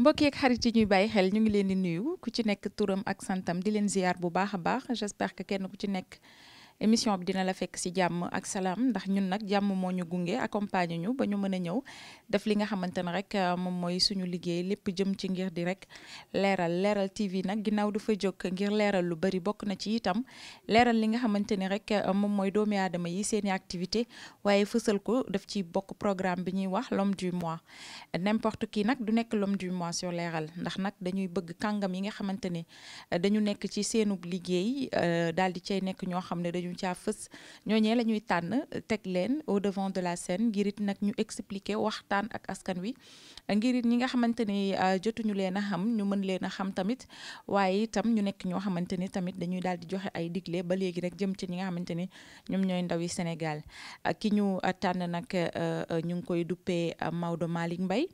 mbokk yeeg xarit yi ñuy bàyyi xel ñu ngi leen di nuyu ku ci nekk turam ak santam di leen ziar bu baax a baax j'espère que kenn ku ci nekk émission bi dina la fekk si jàmm ak salaam ndax ñun nag jàmm moo ñu gunge accompagner ñu ba ñu mën a ñëw def li nga xamante ne rek euh, moom mooy suñu liggéey lépp jëm ci ngir di rek leeral leeral TV nag ginnaaw dafa jóg ngir leeral lu bari bokk na ci itam leeral li nga xamante ni rek euh, moom mooy doomi aadama yi seeni activité waaye fësal ko def ci bokk programme bi ñuy wax l'homme du mois n'importe kii nag du nekk l'homme du mois sur leeral ndax nag dañuy bëgg kàngam yi nga xamante ni euh, dañu nekk ci seenub liggéey daal di cay nekk ñoo xam ne dañu ñu caa fës ñooñee la ñuy tànn teg leen au devant de la scène ngirit it nag ñu expliquer waxtaan ak askan wi ngirit ñi nga xamante ni euh, jotuñu leen a xam ñu mën leen a xam tamit waaye itam ñu nekk ñoo xamante ni tamit dañuy daal di joxe ay digle ba léegi rek jëm ci ñi nga xamante ni ñoom ñooy ndawi Sénégal ki ñu euh, tànn nag euh, ñu ngi koy duppee Maodo Malick mbay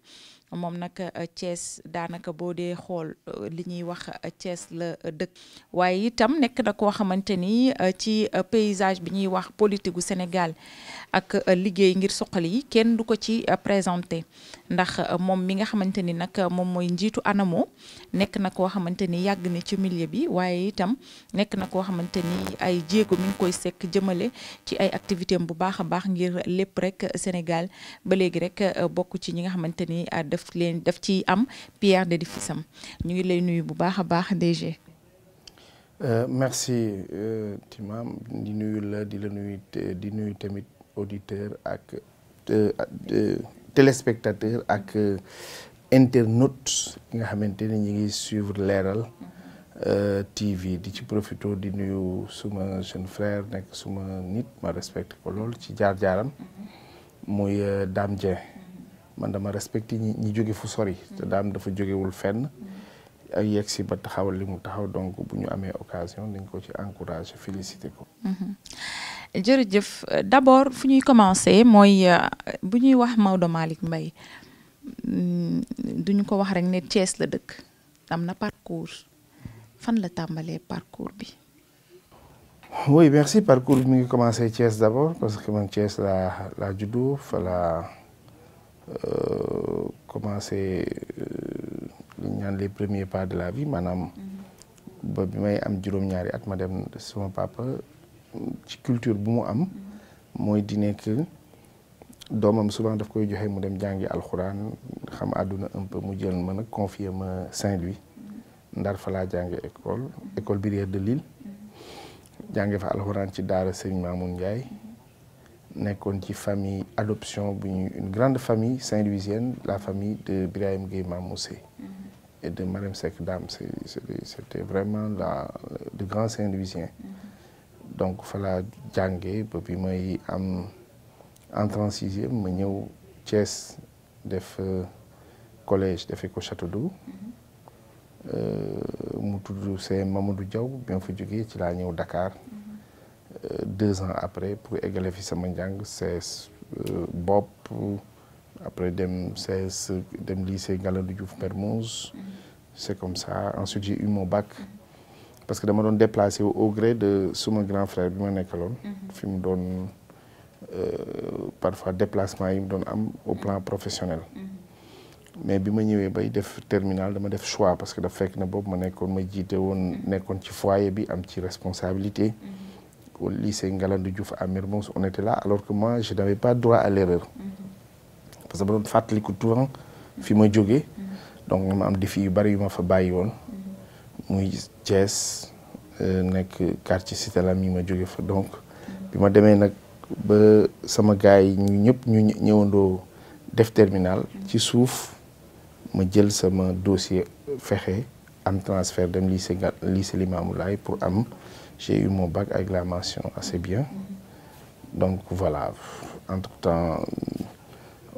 moom nag euh, Thiès daanaka boo dee xool euh, li ñuy wax cees euh, la dëkk waaye itam nekk na koo xamante ni ci paysage bi ñuy wax politique gu Sénégal ak liggéey ngir suqali yi kenn du ko ci présenté ndax euh, moom mi nga xamante ni nag euh, moom mooy njiitu ANAMO nekk na koo xamante ni yàgg na ci millier bi waaye itam nekk na koo xamante ni ay jéego mi ngi koy sekk jëmale ci ay activité am bu baax a baax ngir lépp rek Sénégal ba léegi rek euh, bokk ci ñi nga xamante ni daf leen def ci am pierre d'édifice am ñu ngi lay nuyu bu baax a baax DG. merci Timam di nuyu di la nuyu di nuyu tamit auditeur ak. téléspectateurs ak ki nga xamante ni ñu ngi suivre leeral euh, TV di ci profito di nuyu suma jeune frère nekk suma nit ma respecte ko lool ci jaar-jaaram muy euh, Dame Dieng man dama respecte ñi ñi jóge fu sori te daam dafa jógewul fenn. ak yegg si ba taxawal li mu taxaw donc bu ñu amee occasion dañ ko ci encourage félicité ko. Mm-hmm. jërëjëf d' abord fu ñuy commencé mooy euh, bu ñuy wax Maodo Malick Mbaye mm, duñu ko wax rek ne Thiès la dëkk am na parcours fan la tàmbalee parcours bi. oui merci parcours bi mi ngi commencé Thiès d' parce que man Thiès la laa juddu fa laa euh, commencé. Euh, lu ñu les premiers pas de la vie maanaam ba bi may am juróom-ñaari at ma dem sama papa ci culture bu mu am mooy di nekk doomam souvent daf koy joxe mu dem jàngi alxuraan xam àdduna un mu jël ma nag confier ma Saint-Louis ndar fa laa jànge école école Brière de Lille jànge fa alxuraan ci daara Serigne Mamoun Ndiaye nekkoon ci famille adoption bu ñu une grande famille saint-louisienne la famille de Birahim Gueye Mamoussé et de Marem Sek Dam. C'était vraiment la, de grands Saint-Louisiens. Mm-hmm. donc fa laa jàngee ba bi may am entrée en ma ñëw Thiès def euh, collège defee ko Château-d'Eau mm-hmm. mu tudd CM Mamadou Diaw bi ma fa jógee ci laa ñëw Dakar mm-hmm. euh, deux ans après pour égale fi sama njàng c'est euh, bopp après dem CES dem lycée Galandou Diouf Mermoz c'est comme ça ensuite j'ai eu mon bac parce que dama doon déplacé au gré de suma grand frère bi ma nekkaloon fi mu doon euh, parfois déplacement yi mu doon am au plan professionnel mais bi ma ñëwee bay def terminal dama def choix parce que dafa fekk na boobu ma nekkoon ma jiite woon nekkoon ci foyer bi am ci responsabilité au lycée Galandou Diouf à Mermoz on était là alors que moi je n'avais pas droit à l'erreur parce que ba doon fàttaliku turan fi ma jóge donc ma am défi yu bari yu ma fa bàyyi woon muy Thiès euh, nekk quartier Cité Lamy yi ma jóge fa donc bi ma demee nag ba sama gars yi ñu ñëpp ñu ñëwandoo def terminal ci suuf ma jël sama dossier fexe am transfert dem lycée lycée Limamoulaye pour am j'ai eu mon bac avec la mention assez bien donc voilà entre temps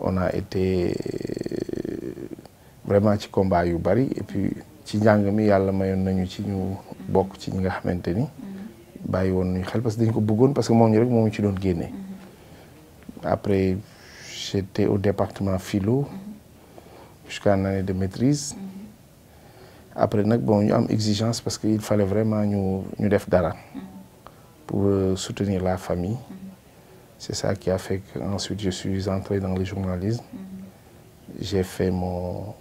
on a été vraiment ci combat yu bari et puis ci njàng mi yàlla mayoon nañu ci ñu bokk ci ñi nga xamante ni bàyyi woon nañu xel parce que dañ ko bëggoon parce que moom ñu rek moom ci doon génnee après j'étais au département philo jusqu'à une année de maîtrise après nag bon ñu am exigence parce que il fallait vraiment ñu ñu def dara pour euh, soutenir la famille C'est ça qui a fait qu'ensuite je suis entré dans le journalisme. Mm -hmm.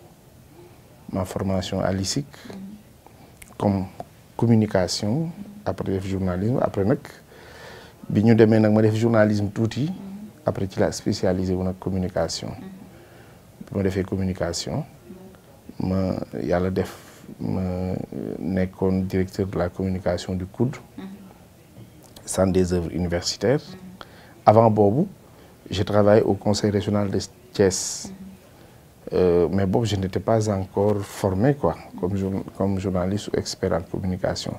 ma formation à l'ISIC mm -hmm. communication, après def journalisme, après nag bi ñu demee nag ma def journalisme tuuti mhm. après ci la spécialisé wu nag communication. Mhm. bi ma defee communication ma yàlla def ma nekkoon directeur de la communication du COUD. centre des œuvres universitaires. avant boobu j'ai travaillé au conseil régional de Thiès euh, mais boobu je n'étais pas encore formé comme jour, comme journaliste ou expert en communication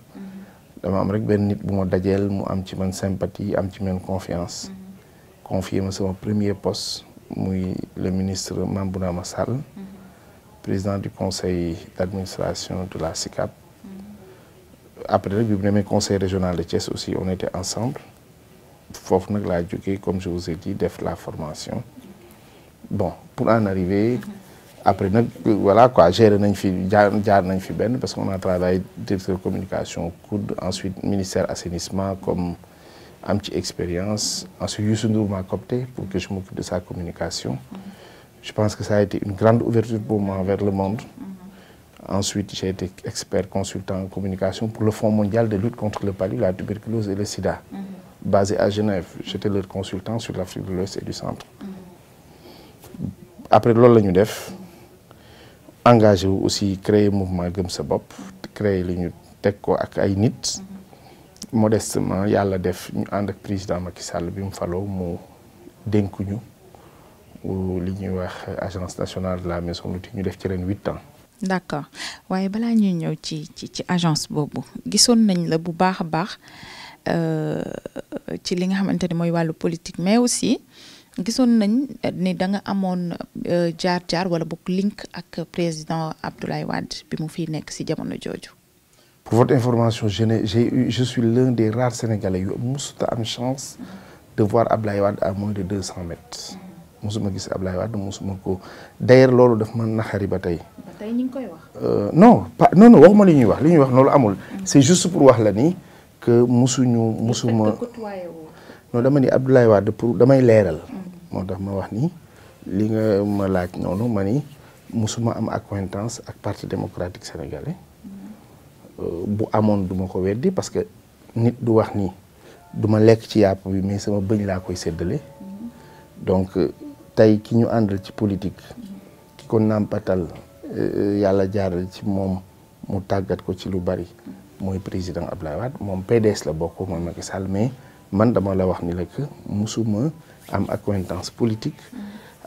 dama am rek benn nit bu ma dajeel mu am ci man sympathie am ci man confiance confier ma sama premier poste muy le ministre Mambounama Sall président du conseil d'administration de la SICAP après rek bi mu demee conseil régional de Thiès aussi on était ensemble foofu nag laa jógee comme je vous ai dit def la formation bon pour en arriver après nag wala quoi gérer nañ fi jaar jaar nañ fi benn parce que on a travaillé directeur communication COUD ensuite ministère assainissement comme am ci expérience ensuite Youssou Ndour m'a coopté pour que je m'occupe de sa communication je pense que ça a été une grande ouverture pour moi vers le monde mm-hmm. ensuite j'ai été expert consultant en communication pour le Fonds mondial de lutte contre le sida mm-hmm. basé à Genève j'étais leur consultant sur l'Afrique de l'Ouest et du centre mm-hmm. après loolu la def engage wu aussi créer mouvement gëm sa bopp créer li ñu teg ko ak ay nit mm-hmm. modestement yàlla def ñu ànd ak président Macky bi mu faloo mu dénkuñu li ñuy wax agence nationale de la maison loti ñu def ci ren huit ans d' waaye balaa ñuy ñëw ci ci agence boobu gisoon nañ la bu baax a baax Euh, ci li nga xamante ne mooy wàllu politique mais aussi gisoon nañ euh, ni da nga amoon euh, jaar-jaar wala bokk link ak président Abdoulaye Wade bi mu fiy nekk si jamono jooju. pour votre information je n'ai je suis l'un des rares sénégalais yu musuta am chance de voir Abdoulaye Wade à moins de deux cent mètres. musuma gis Ablaye Wade ma ko d'ailleurs loolu daf ma naxari ba tey. ba tey ñu ngi wax. non pas non waxuma li ñuy wax li ñuy wax loolu amul. Mm. c'est juste pour wax la ni. que musuñu musuma non dama ni Abdoulaye Wade pour damay leeral moo tax ma wax ni li nga ma laaj noonu ma ni musuma am acquaintance ak parti démocratique sénégalais euh, bu amoon duma ko weddi parce que nit du wax ni duma lekk ci yàpp bi mais sama bëñ laa koy séddale donc tey ki ñu àndal ci politique ki ko nàmpatal euh, yàlla jaaral ci moom mu tàggat ko ci lu bari mooy président Ablaye Wade moom PDS la bokk mooy Macky Sall mais man dama la wax ni la que musuma am acquaintance politique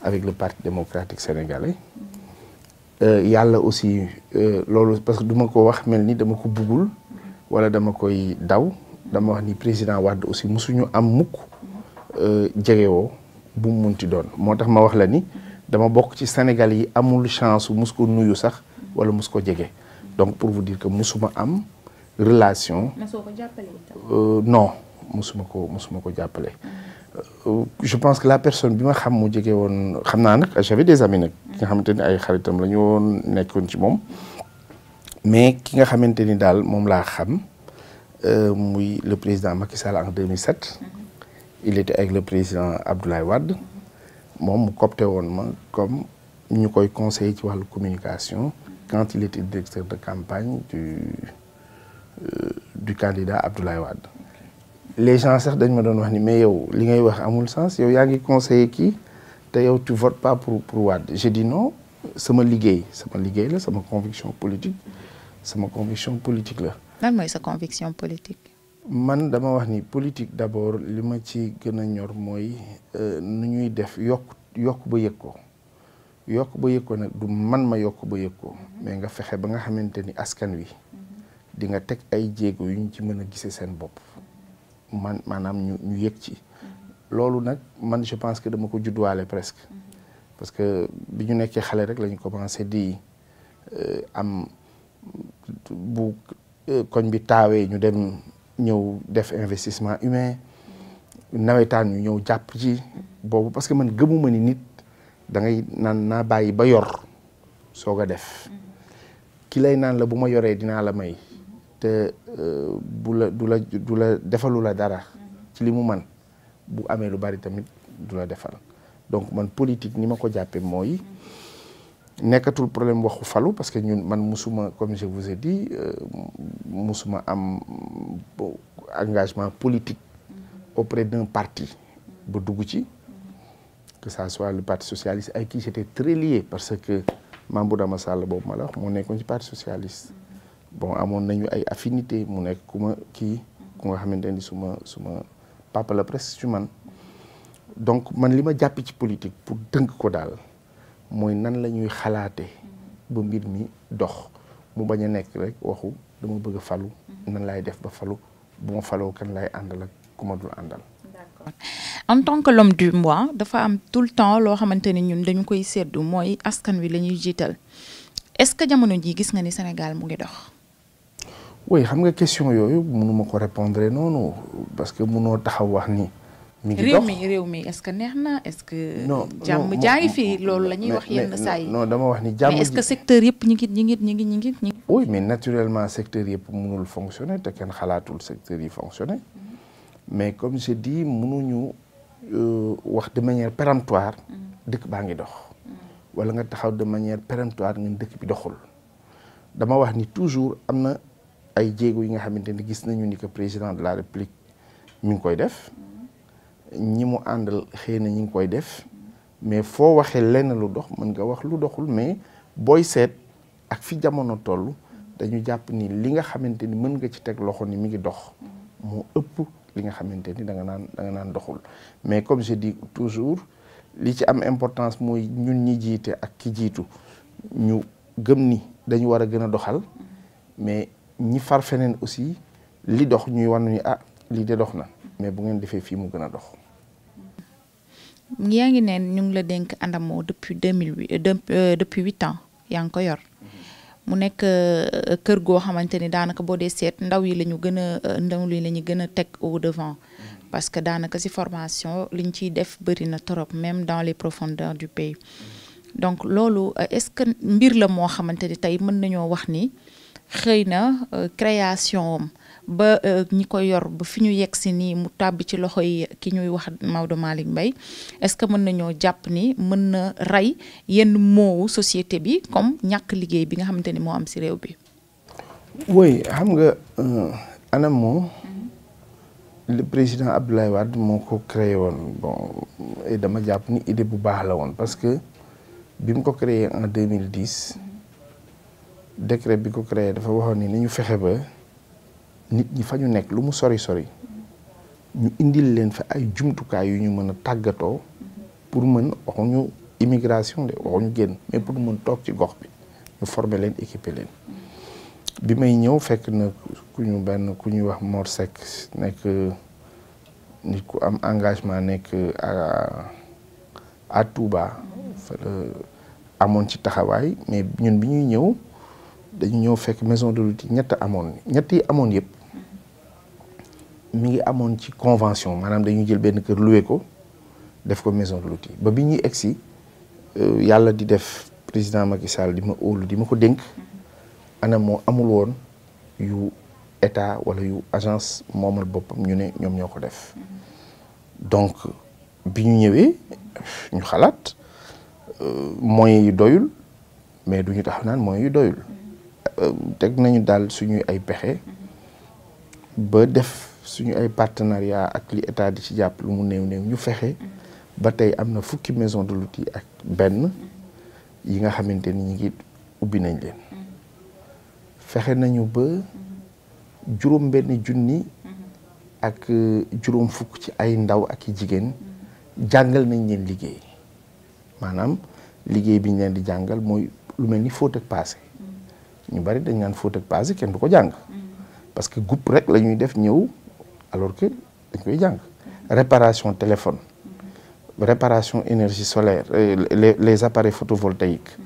avec le parti démocratique sénégalais euh, yàlla aussi euh, loolu parce que duma ko wax mel ni dama ko buggul wala dama koy daw dama wax ni président Wade aussi musuñu am mukk euh, jegewoo bu mu munti doon moo tax ma wax la ni dama bokk ci Sénégal yi amul chance mus ko nuyu sax wala mus ko jege donc pour vous dire que musuma am relation. na euh, non mosuma ko mosuma ko jàppale. Euh, je pense que la personne bi ma xam mu jege woon xam naa nag j'avais des amis nag. ki nga xamante ni ay xaritam la ñu woon nekkoon ci moom. mais ki nga xamante ni daal moom laa xam euh, muy le président Macky Sall en 2007. Mm-hmm. il était avec le président Abdoulaye Wade. moom mu coopté woon ma comme ñu koy conseiller ci wàllu communication. Mm-hmm. quand il était directeur de campagne du. Euh, du candidat Abdoulaye Wade les gens sax dañ ma doon wax ni mais yow li ngay wax amul sens yow yaa ngi conseiller kii te yow tu votes pas pour pour Wade j'ai dit sama liggéey sama liggéey la sama conviction politique sama conviction politique la. lan mooy sa man dama wax ni politique d'abord li ma ci gën a ñor mooy euh, nu ñuy def yokk yokk ba yëg ko yokk ba yëg ko nag du man ma yokk ba yëg ko mais nga fexe ba nga xamante ni askan wi. di nga teg ay jéego yu ñu ci mën a gisee seen bopp man maanaam ñu ñu yëg ci loolu nag man je pense que dama ko judduwaale presque parce que bi ñu nekkee xale rek lañu commencé di euh, am bu euh, koñ bi taawee ñu dem ñëw def investissement humain nawetaan yu ñëw jàpp ci boobu parce que man gëmuma ni nit da ngay naan naa bàyyi ba yor soog a def mm-hmm. ki lay naan la bu ma yoree dinaa la may te euh, bu la du la du la defalu la dara mhm. ci li mu man bu amee lu bari tamit du la defal donc man politique ni ma ko jàppee mooy mhm. nekkatul problème waxu falu parce que ñun man musuma comme je vous ai dit euh, musuma am engagement politique mhm. auprès d'un parti ba dugg ci que ça soit le parti socialiste ay qui j'étais très lié parce que Mamadou Dama Sall boobu ma la wax moo nekkoon ci parti socialiste bon amoon nañu ay affinité mu nekk ku ma kii ku nga xamante ni suma suma papa la presque ci man donc man li ma jàpp ci politique pour dëng ko daal mooy nan la ñuy xalaate ba mbir mi dox mu bañ a nekk rek waxu dama bëgg a falu nan laay def ba falu bu ma faloo kan laay àndal ak ku ma dul àndal en tant que l'homme du mois dafa am tout le temps loo xamante ni ñun dañu koy seddu mooy askan wi la ñuy jiital est-ce que jamono jii gis nga ni Sénégal mu ngi dox oui xam nga question yooyu mënuma ko répondre noonu parce que munoo taxaw wax ni. mi ngi dox réew mi réew mi que neex na est-ce que. jaa fi loolu la ñuy wax yenn saa yi. non dama wax ni jàmm mais est-ce que secteur yëpp ñi ngi ñi ngi ñi ngi ñi ngi ñi. oui mais naturellement secteur yëpp mënul fonctionner te kenn xalaatul secteur yi fonctionner mm-hmm. mais comme je dis mënuñu euh, wax de manière péremptoire. Mm-hmm. dëkk baa ngi dox. Mm-hmm. wala nga taxaw de manière péremptoire nga dëkk bi doxul. dama wax ni toujours am na. ay jéego yi nga xamante ni gis nañu ni que président de la république mi ngi koy def ñi mu àndal xëy na ñi ngi koy def mais foo waxee lenn lu dox mën nga wax lu doxul mais booy seet ak fi jamono toll dañu jàpp ni li nga xamante ni mën nga ci teg loxo ni mi ngi dox moo ëpp li nga xamante ni da nga naan da nga naan doxul mais comme je dis toujours li ci am importance mooy ñun ñi jiite ak ki jiitu ñu gëm ni dañu war a gën a doxal mais ñi far feneen aussi li dox ñuy wan ah lii de dox na mais bu ngeen defee fii mu gën a dox. yaa ngi neen ñu ngi la dénk Adamo depuis deux mille huit euh, euh, depuis huit ans yaa ngi ko yor mu nekk euh, kër goo xamante ni daanaka boo dee seet ndaw yi la ñu gën a ndaw yi la ñu gën a teg au devant parce que daanaka ci formation li ciy def bëri na trop même dans les profondeurs du pays donc loolu est-ce que mbir la moo xamante ni tey mën nañoo wax ni. xëy na euh, création am ba euh, ñi ko yor ba fi ñu yegg si nii mu tàbb ci loxo yi ki ñuy wax Maodo Malick Mbaye est-ce que mën nañoo jàpp ni mën na rey yenn moowu société bi comme ñàkk liggéey bi nga xamante ni moo am si réew bi oui xam nga euh, ANAMO le président Abdoulaye Wade moo ko créé woon dama jàpp ni idée bu baax la woon parce que bi mu ko créé en 2010 décret bi ko créé dafa waxoon ni ni ñu fexe ba nit ñi fa ñu nekk lu mu sori sori ñu indil leen fa ay jumtukaay yu ñu mën a tàggatoo pour mën waxuñu immigration de waxuñu génn mais pour mën toog ci gox bi ñu former leen équiper leen bi may ñëw fekk na ku ñu benn ku ñuy wax Mor Seck nekk nit ku am engagement nekk à Touba fa la amoon ci taxawaay mais ñun bi ñuy ñëw dañu ñëw fekk maison de l'outil ñett amoon ñett yi amoon yëpp mu ngi amoon ci convention maanaam dañuy jël benn kër loué ko def ko maison de l'outil ba bi ñuy egsi euh, yàlla di def président Macky Sall di ma óolu di ma ko dénk anam moo amul woon yu état wala yu agence moomal boppam ñu ne ñoom ñoo ko def donc bi ñu ñëwee ñu xalaat euh, moyens yu doyul mais du ñu tax naan moyens yu doyul Euh, teg nañu daal suñuy ay pexe ba def suñu ay partenariat ak li état di ci jàpp lu mu néew néew ñu fexe ba tey am na fukki maison de l'outil ak benn yi nga xamante ni ñu ngi ubbi nañ leen fexe nañu ba juróom benn junni ak juróom fukk ci ay ndaw ak yi jigéen jàngal nañ leen liggéey maanaam liggéey bi ñu leen di jàngal mooy lu mel ni fóot ak paase ñu bari dañ naan fóot ak paase kenn du ko jàng parce que groupe rek la ñuy def ñëw alors que dañ koy jàng réparation téléphone réparation énergie solaire euh, les les appareils photovoltaïques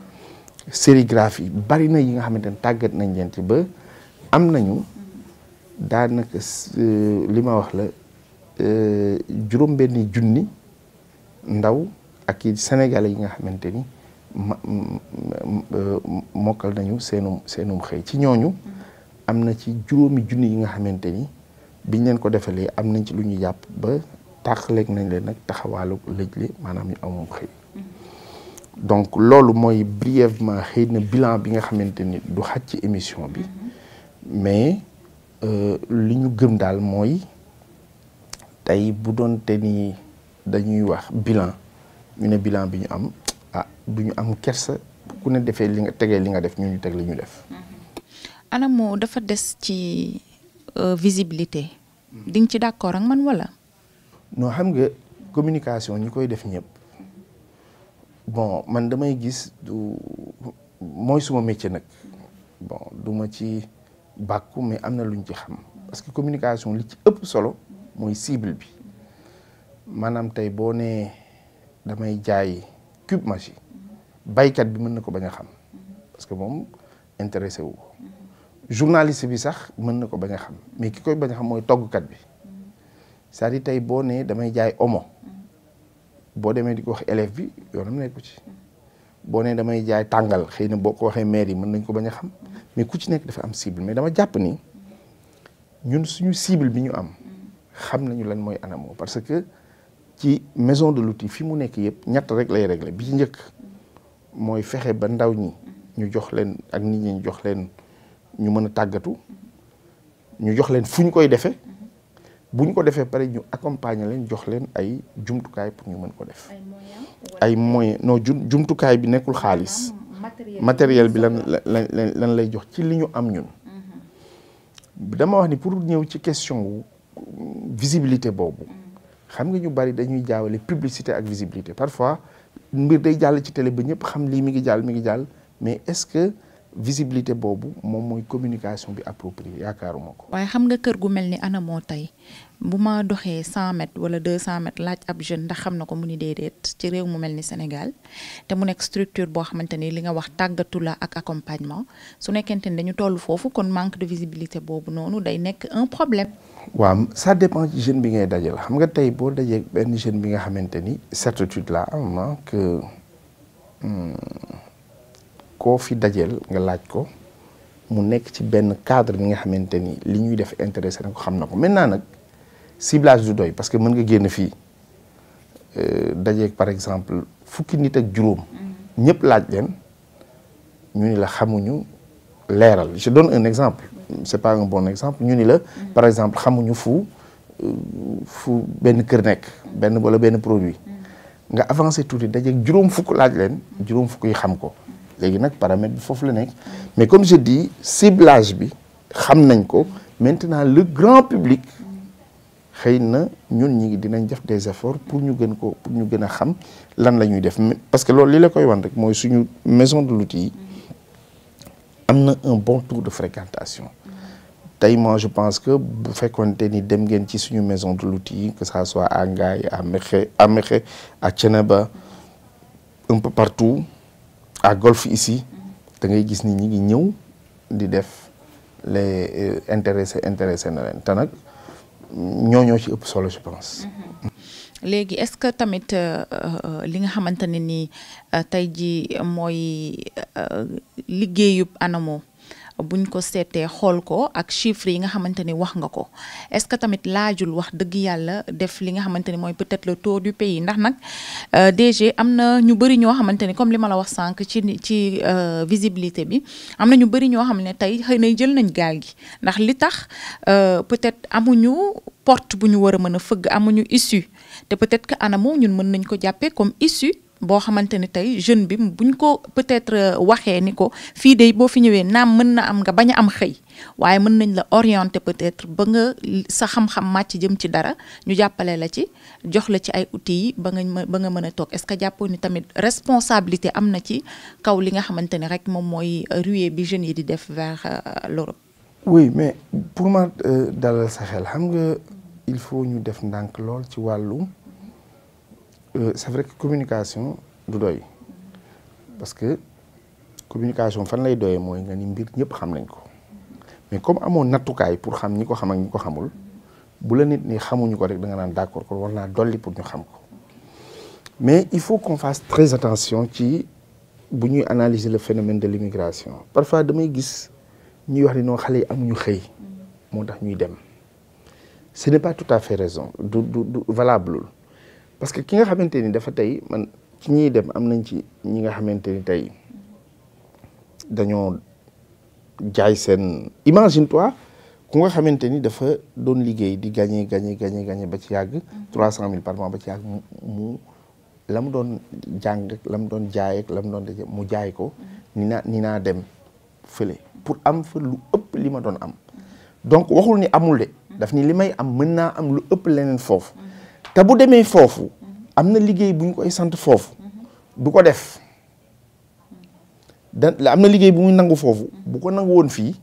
sérigraphie bari na yi nga xamante ne tàggat nañ leen ci ba am nañu daanaka euh, li ma wax la euh, juróom-benni junni ndaw ak i sénégalais yi nga xamante ni. mokkal nañu seenu seenum xëy ci ñooñu am na ci juróomi junni yi nga xamante ni biñ leen ko defalee am nañ ci lu ñu jàpp ba tàqaleeg nañ leen nag taxawaalu lëj li maanaam ñu amum xëy mm-hmm. donc loolu mooy brièvement xëy na bilan bi nga xamante ni du xaj ci émission bi mm-hmm. mais euh, li ñu gëm daal mooy tey bu doonte ni dañuy wax bilan ñu ne bilan bi ñu am ah du ñu am kersa ku ne defee li nga tegee li nga def ñu ñu teg li ñu def. Mm-hmm. Anamu dafa des ci euh, visibilité. Mm-hmm. di nga ci d'accord ak man wala. non xam nga communication ñi koy def ñëpp bon man damay gis mooy suma métier nag bon du ma ci bàkku mais am na lu ñu ci xam parce que communication li ci ëpp solo mooy cible bi maanaam tey boo nee damay jaay. cube magie baykat bi mën na ko bañ a xam parce que moom intéressé wu ko bi sax mën na ko bañ a xam mais ki koy bañ a xam mooy toggkat bi cest à tey boo nee damay jaay omo boo demee di ko wax élève bi yoonam ko ci boo nee damay jaay tàngal xëy na boo ko waxee maire yi mën nañ ko bañ a xam mais ku ci nekk dafa am cible mais dama jàpp nii ñun suñu cible bi ñu am xam nañu lan mooy Anamo parce que ci maison de l'outil fi mu nekk yëpp ñett rek lay régler bi ci njëkk mooy fexe ba ndaw ñi ñu jox leen ak nit ñi ñu jox leen ñu mën a tàggatu ñu jox leen fu ñu koy defee bu ñu ko defee pare ñu accompagner leen jox leen ay jumtukaay pour ñu mën ko def ay moyen noo jumtukaay bi nekkul xaalis matériel bi lan lan lay jox ci li ñu am ñun mhm. dama wax ni pour ñëw ci question visibilité boobu xam nga ñu bari dañuy jaawale publicité ak visibilité parfois mbir day jàll ci télé ba ñëpp xam lii mi ngi jàll mi ngi jàll mais est-ce que visibilité boobu moom mooy communication bi appropriée yaakaaruma ko. waaye xam nga kër gu mel ni ana moo tey bu ma doxee cent mètres wala deux cent mètres laaj ab jeune ndax xam na ko mu ni déedéet ci réew mu mel ni Sénégal te mu nekk structure boo xamante ni li nga wax tàggatu la ak accompagnement su nekkente ni dañu toll foofu kon manque de visibilité boobu noonu day nekk un problème. waaw ça dépend ci jeune bi ngay dajal xam nga tey boo dajee benn jeune bi nga xamante ni certitude la am ah, que hmm, koo fi dajeel nga laaj ko. mu nekk ci benn cadre bi nga xamante ni li ñuy def intéressé na ko xam na ko maintenant nag. ciblage du doy parce que mën nga génn fii euh, dajeeg par exemple fukki nit ak juróom. Mm-hmm. ñëpp laaj leen ñu ni la xamuñu leeral je donne un exemple. c'est pas un bon exemple ñu ni la. Mm-hmm. par exemple xamuñu fu euh, fu benn kër nekk. benn wala benn produit. Mm-hmm. nga avancé tuuti dajeeg juróom fukk laaj leen. juróom fukk yi xam ko. léegi nag paramètre bi foofu la nekk mais comme je di ciblage bi xam nañ ko maintenant le grand public. xëy na ñun ñi ngi dinañ def des efforts pour ñu gën ko ñu gën a xam lan la ñuy def parce que loolu li la koy wan rek mooy suñu maison de l'outil yi mm-hmm. am na un bon taux de fréquentation mm-hmm. tey moi je pense que bu fekkoonte ni dem ngeen ci suñu maison de l'outil yi que ça soit à Ngaye à Mekhe à Mekhe à Thiénaba mm-hmm. un peu partout à Golf ici da ngay gis ni ñi ngi ñëw di def les euh, intéressé intéressé na leen te nag ñoo ñoo ci ëpp solo je pense. Mm-hmm. léegi est-ce que tamit euh, euh, li nga xamante ne ni euh, tey ji mooy liggéeyub ANAMO. buñ ko seetee xool ko ak chiffres yi nga xamante ni wax nga ko est-ce que tamit laajul wax dëgg yàlla def li nga xamante ni mooy peut-être le tour du pays ndax nag euh, DG am na ñu bëri ñoo xamante ni comme li ma la wax sànq ci ci euh, visibilité bi am na ñu bëri ñoo xam ne tey xëy na jël nañ gaal gi ndax li tax euh, peut-être amuñu porte bu ñu war a mën a fëgg amuñu issue te peut-être que anamoo ñun mën nañ ko jàppee comme issue boo xamante ni tey jeune bi buñ ko peut-être euh, waxee ni ko fii de boo fi ñëwee naam mën na am nga bañ am xëy waaye mën nañ la orienté peut-être ba nga sa xam-xam màcc jëm ci dara ñu jàppale la ci jox la ci ay outils yi ba nga ba nga mën a toog est-ce que jàppoo ni tamit responsabilité am na ci kaw li nga xamante ni rek moom mooy euh, ruée bi jeunes yi di def vers euh, l'Europe. oui mais pour ma dalal sa xel xam nga il faut ñu def ndànk lool ci wàllu. Euh, c'est vrai que communication du doy parce que communication fan lay doyee mooy nga ni mbir ñëpp xam nañ ko mais comme amoon nattukaay pour xam ñi ko xam ak ñi ko xamul bu la nit ni xamuñu ko rek da nga naan d'accord ko war naa dolli pour ñu xam ko mais il faut qu'on fasse très attention ci bu ñuy analyser le phénomène de l'immigration parfois damay gis ñuy wax ni noonu xale yi amuñu xëy moo tax ñuy dem ce n'est pas tout à fait raison du du du valable parce que ki nga xamante ni dafa tey man ci ñiy dem am nañ ci ñi nga xamante ni tey dañoo jaay seen imagine toi ku nga xamante ni dafa doon liggéey di gagné gagné gagné gagné ba ci yàgg. 300000 par mois ba ci yàgg mu mu mu doon jàng lam doon jaay lam la mu mu jaay ko. ni naa naa dem fële pour am fa lu ëpp li ma doon am donc waxul ni amul de daf ni li may am mën naa am lu ëpp leneen foofu. te bu demee foofu am na liggéey bu ñu koy sant foofu du ko def da am na liggéey bu muy nangu foofu bu ko nangu woon fii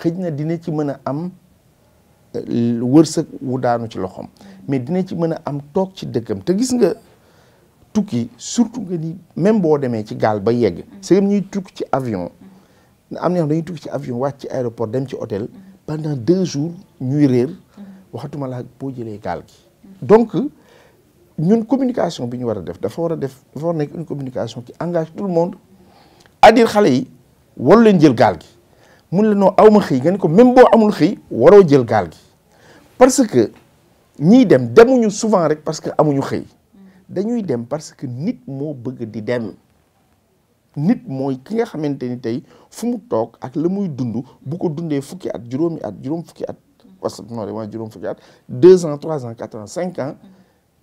xëj na dina ci mën a am euh, wërsëg wu daanu ci loxoom mais dina ci mën a am toog ci dëkkam te gis nga tukki surtout nga ni même boo demee ci gaal ba yegg segam ñuy tukki ci avion am na yoo xam dañuy tukki ci avion wàcc ci aéroport dem ci hôtel pendant deux jours ñuy réer waxatuma laa boo jëlee gaal gi donc ñun communication bi ñu war a def dafa war a def dafa war a nekk une communication qui engage tout le monde cest xale yi waru leen jël gaal gi mun la noo awma xëy nga ni ko même boo amul xëy waroo jël gaal gi parce que ñiy dem demuñu souvent rek parce que amuñu xëy dañuy dem parce que nit moo bëgg di dem nit mooy ki nga xamante ni tey fu mu toog ak la muy dund bu ko dundee fukki at juróomi at juróom fukki at parce que non dama juróom fukki at deux ans trois ans quatre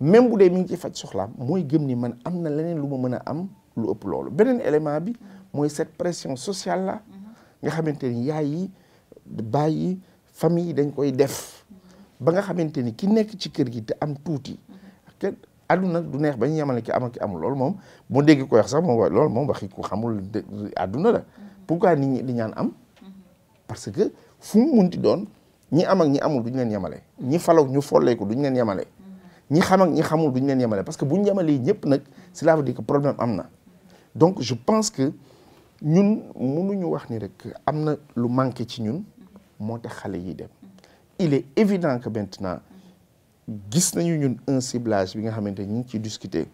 même bu dee mi ngi ci faj soxlaam mooy gëm ni man am na leneen lu ma mën a am lu ëpp loolu beneen élément bi mooy cette pression sociale la nga xamante ni yaay yi baay yi famille yi dañ koy def ba nga xamante ni ki nekk ci kër gi te am tuuti te àdduna du neex ba ñu yemale ki am ak ki amul loolu moom mu dégg ko wax sax moom loolu moom waxi ku xamul àdduna la pourquoi nit ñi di ñaan am parce que fu mu munti doon ñi am ak ñi amul duñu leen yemale ñi faloog ñu folleeku duñ leen yemale ñi xam ak ñi xamul duñ leen yemale parce que buñu yemalee ñëpp nag cela veut dire ko problème am na donc je pense que ñun mënuñu wax ni rek am na lu manqué ci ñun moo tax xale yi dem il est évident que maintenant gis nañu ñun un ciblage bi nga xamante ñu ngi ciy discuter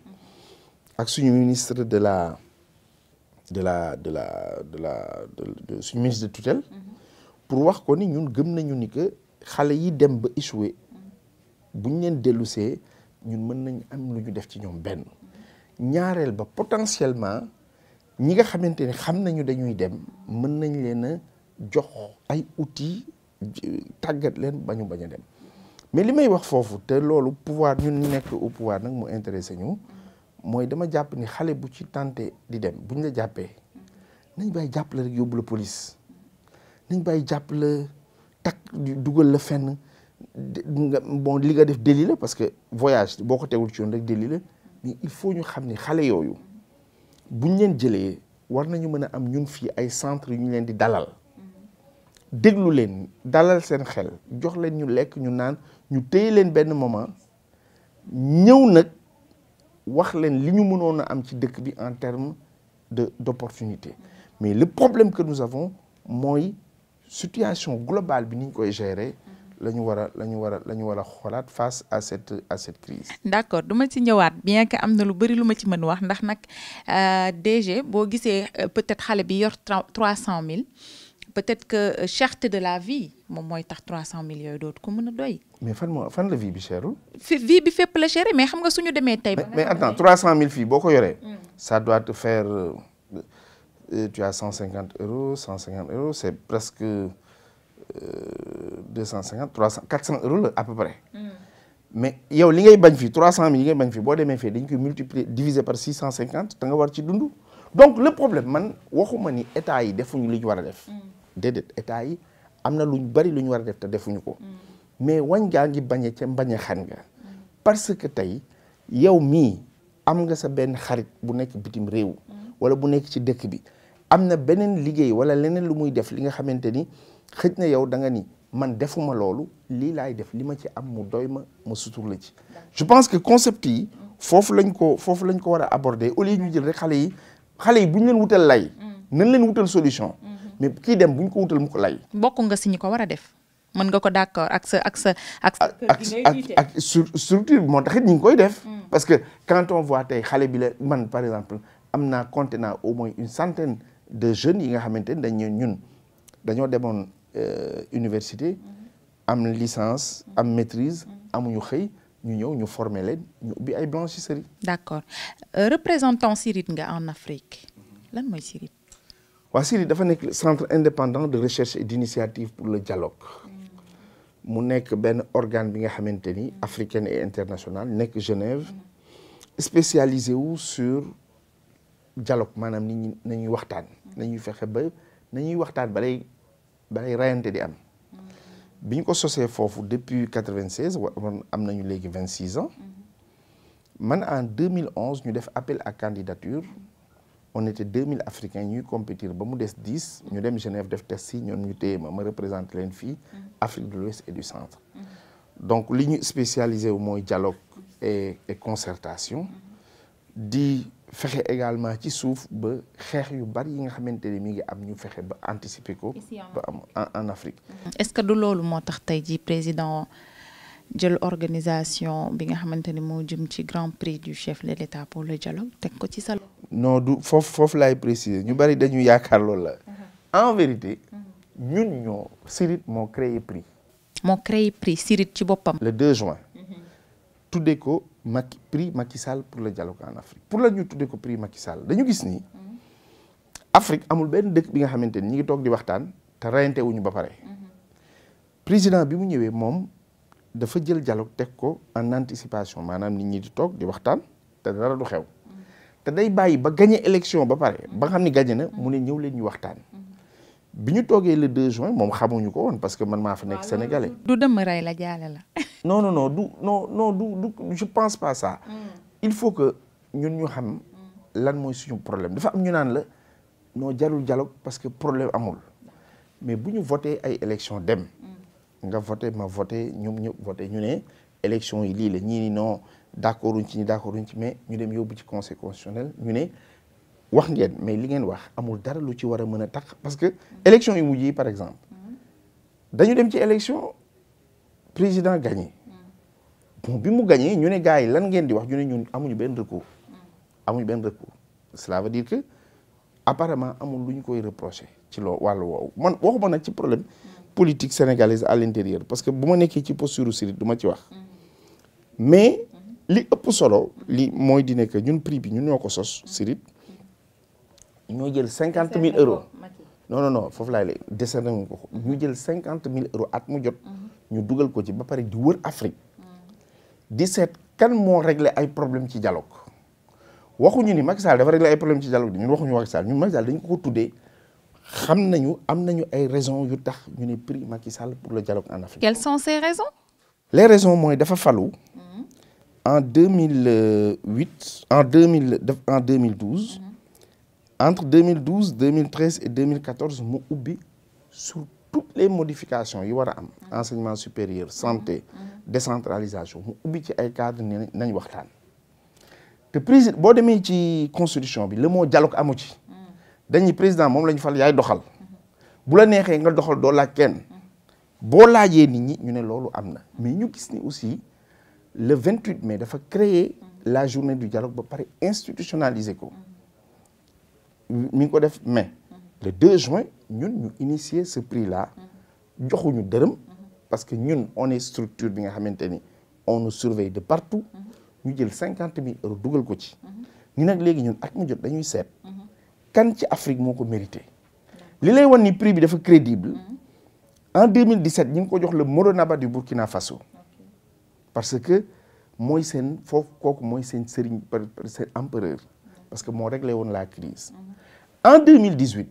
ak suñu ministre de la de la de la de la suñu ministre de tutel pour wax ko ni ñun gëm nañu ni que xale yi dem ba échoué buñ leen dellusee ñun mën nañ am lu ñu def ci ñoom benn ñaareel ba potentiellement ñi nga xamante ni xam nañu dañuy dem mën nañ leen a jox ay outils tàggat leen ba ñu bañ a dem mais li may wax foofu te loolu pouvoir ñun ñu nekk au pouvoir nag mu intéressé ñu mooy dama jàpp ni xale bu ci tenté di dem buñ la jàppee nañ bàyyi jàppale rek yóbbu la police nañ bàyyi jàpp la takk dugal la fenn bon li nga def délit parce que voyage boo ko tegul ci yoon rek délit la mais il faut ñu xam ni xale yooyu buñ leen jëlee war nañu mën a am ñun fii ay centre yu ñu leen di dalal déglu leen dalal seen xel jox leen ñu lekk ñu naan ñu tëye leen benn moment ñëw nag wax leen li ñu mënoon a am ci dëkk bi en terme de d'opportunité mais le problème que nous avons mooy situation globale bi ni ñu koy gérer. la ñu war a la ñu war a la ñu war xoolaat face à cette à cette crise d'accord du ma ci ñëwaat bien que am na lu bëri lu ma ci mën wax ndax nag euh, DG boo gisee euh, peut-être xale bi yor trois cent mille peut-être que euh, cherté de la vie moom mooy tax trois cent mille yooyu dootu ko mën a doy. mais fan moo fan la vie bi cherul. fi vie bi fépp la chéré mais xam nga suñu demee tey. ba mais attends trois cent mille fii boo ko yoree. Mm. ça doit faire. Et tu as 150 euros, 150 euros, c'est presque euh, 250, 300, 400 euros là, à peu près. Mm. Mais il y a 300 000, il faut multiplier, diviser par 650, tu as Donc le problème, man, yi je war a fait ce qu'il a fait. Dédé, l'État a fait ce qu'il a fait, mais il Mais wanja ngi bañé ci bañé xan nga mm. parce que tey yow mii am nga sa benn xarit bu nekk bitim rew mm. wala bu nek ci dëkk bi am na beneen liggéey wala leneen lu muy def li nga xamante ni xëj na yow da nga ni man defuma loolu lii laay def li ma ci am mu doy ma ma sutur la ci je pense que concept yi foofu lañ ko foofu lañ ko war a aborder au lieu ñu jël rek xale yi xale yi bu leen wutal lay mm. nañ leen wutal solution mm-hmm. mais kii dem bu ñu ko wutal mu ko lay bokk nga si ñi ko war a def mën nga ko d'accord ak sa ak sa ak ak structure bi moo taxit ñu ngi koy def mm. parce que quand on tey xale bi la man par exemple am naa contenant au moins une centaine de jeunes yi nga xamante ni dañu ñun dañoo demoon euh, université am licence am maîtrise amuñu xëy ñu ñëw ñu former leen ñu ubbi ay blanchisserie. d'accord euh, représentant Sirite nga en Afrique lan mooy Sirite. waa Sirite dafa nekk centre indépendant de recherche et d'initiative pour le dialogue mu nekk benn organe bi nga xamante ni africaine et internationale nekk Genève spécialisé wu dialogue maanaam nit ñi nañuy waxtaan nañuy fexe ba nañuy waxtaan balay balay rayante di am mm-hmm. bi ñu ko sosee foofu depuis quatre vingt seize am nañu léegi vingt six ans mm-hmm. man en deux mille onze ñu def appel à candidature on était deux mille africains ñuy compétir ba mu des dix ñu dem Genève def test si ñoom ñu téye ma ma représenté leen fii mm-hmm. Afrique de l'Ouest et du centre donc li ñu spécialisé wu mooy dialogue et concertation fexe également ci suuf ba xeex yu bari yi nga xamante ne mi ngi am ñu fexe ba anticiper ko. ba am en Afrique. est-ce que du loolu moo tax tey jii président jël organisation bi nga xamante ni moo jëm ci grand prix du chef de l'État pour le dialogue teg ko ci sa. no du foof foofu laay préciser ñu bari dañu yaakaar loolu la. Mhm. en vérité ñun ñoo. Sirit moo créé prix. moo créé prix Sirit ci boppam. le 2 juin. tuddee ko Macky prix Macky pour le dialogue en Afrique pour ñu tuddee ko prix Macky Sall dañu gis ni mm. amul benn dëkk bi nga xamante ni ñi ngi toog di waxtaan te rayante wuñu ba pare mm-hmm. président bi mu ñëwee moom dafa jël dialogue teg ko en anticipation maanaam ni ñi di toog di waxtaan te dara du xew mm. te day bàyyi ba gagné élection ba pare ba nga xam ni gagné na mu ne ñëw leen ñu waxtaan bi ñu toogee le 2 juin moom xamuñu ko woon parce que man maa fa nekk sénégalais. du dem rey la jaale la. non non non du non non du du je pense pas ça. Hmm. il faut que ñun ñu xam lan mooy suñu problème dafa am ñu naan la noo jarul dialogue parce que problème amul mais bu ñu voté ay élection dem. Hmm. nga voté ma voté ñoom ñëpp voté ñu ne élection yi lii la ñii ni non d'accorduñ ci ñi d'accorduñ ci mais ñu dem yóbbu ci conseil constitutionnel ñu ne. wax ngeen mais li ngeen wax amul dara lu ci war a mën a tax parce que élection yu mujj yi par exemple dañu dem ci élection président gagné bon bi mu gagné ñu ne gars yi lan ngeen di wax ñu ne ñun amuñu benn recours amuñu benn recours cela veut dire que apparemment amul lu ñu koy reprocher ci loo wàllu woowu man waxuma nag ci problème politique sénégalaise à l'intérieur parce que bu ma nekkee ci posture Sirit du ma ci wax mais li ëpp solo li mooy di ne ñun prix bi ñun ñoo ko sos Sirit ñoo jël cinquante mille euros non non non foofu laay lay décerné nañu ko ñu jël cinquante mille euros at mu jot mhm. ñu dugal ko ci ba pare di wër Afrique mhm. di seet kan moo réglé ay problème ci dialogue waxuñu ni Macky Sall dafa réglé ay problème ci dialogue ñun waxuñu Macky Sall ñun Macky Sall dañu ko tuddee xam nañu am nañu ay raisons yu tax ñu ne prix Macky Sall pour le dialogue en Afrique. quelles sont ces raisons. les raisons mooy dafa falu. Mhm. en deux mille huit en deux mille en deux mille douze. entre 2012 2013 et 2014 mu ubbi sur toutes les modifications yi war a am ah. enseignement supérieur santé ah. Ah. décentralisation mu ubbi ci ay cadre ne nañ waxtaan te président boo demee ci constitution bi le mot dialogue amu ci dañuy président moom la ñu fal yaay doxal bu la neexee nga doxal doo laaj kenn boo laajee nit ñi ñu ne loolu am na mais ñu gis ni aussi le 28 mai dafa créer la journée du dialogue ba pare institutionnaliser ko mi ngi ko def mais le 2 juin ñun ñu initier ce prix la joxuñu dërëm parce que ñun on est structure bi nga xamante ni on nous surveille de partout ñu jël cinquante mille euros dugal ko ci ñu nag léegi ñun ak mu jot dañuy seet kan ci Afrique moo ko mérité li lay wan ni prix bi dafa crédible en 2017 ñu ngi ko jox le Moronaba du Burkina Faso parce que mooy seen foofu kooku mooy seen sëriñ seen empereur parce que moo réglé woon la crise en 2018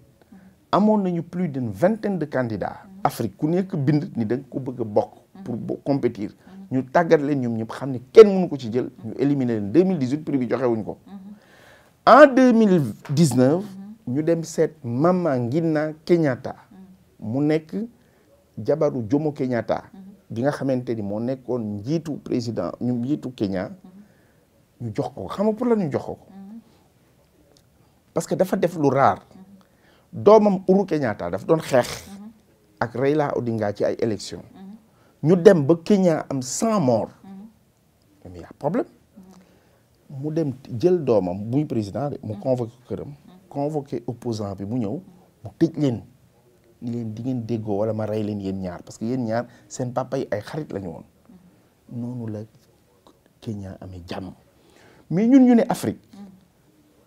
amoon nañu plus de d'une vingtaine de candidats Afrique ku nekk bind ni da ko bëgg bokk pour compétir ñu tàggat leen ñoom ñëpp xam ne kenn mënu ko ci jël ñu éliminer leen 2018 prix bi joxewuñ ko en 2019 ñu dem seet Mama naa Kenyatta mu nekk jabaru Jomo Kenyatta bi nga xamante ni moo nekkoon njiitu président ñu njiitu keña ñu jox ko xam nga pour la ñu jox ko parce que dafa def lu raar doomam Uhuru Kenyatta daf doon xeex ak Raila Odinga ci ay élection ñu dem ba Kenya am cent morts mais y problème mu dem jël doomam muy président de mu convoqué këram convoqué opposant bi mu ñëw mu tëj leen leen di ngeen déggoo wala ma rey leen yéen ñaar parce que yéen ñaar seen papa yi ay xarit la ñu woon noonu la Kenya amee jàmm mais ñun ñu ne Afrique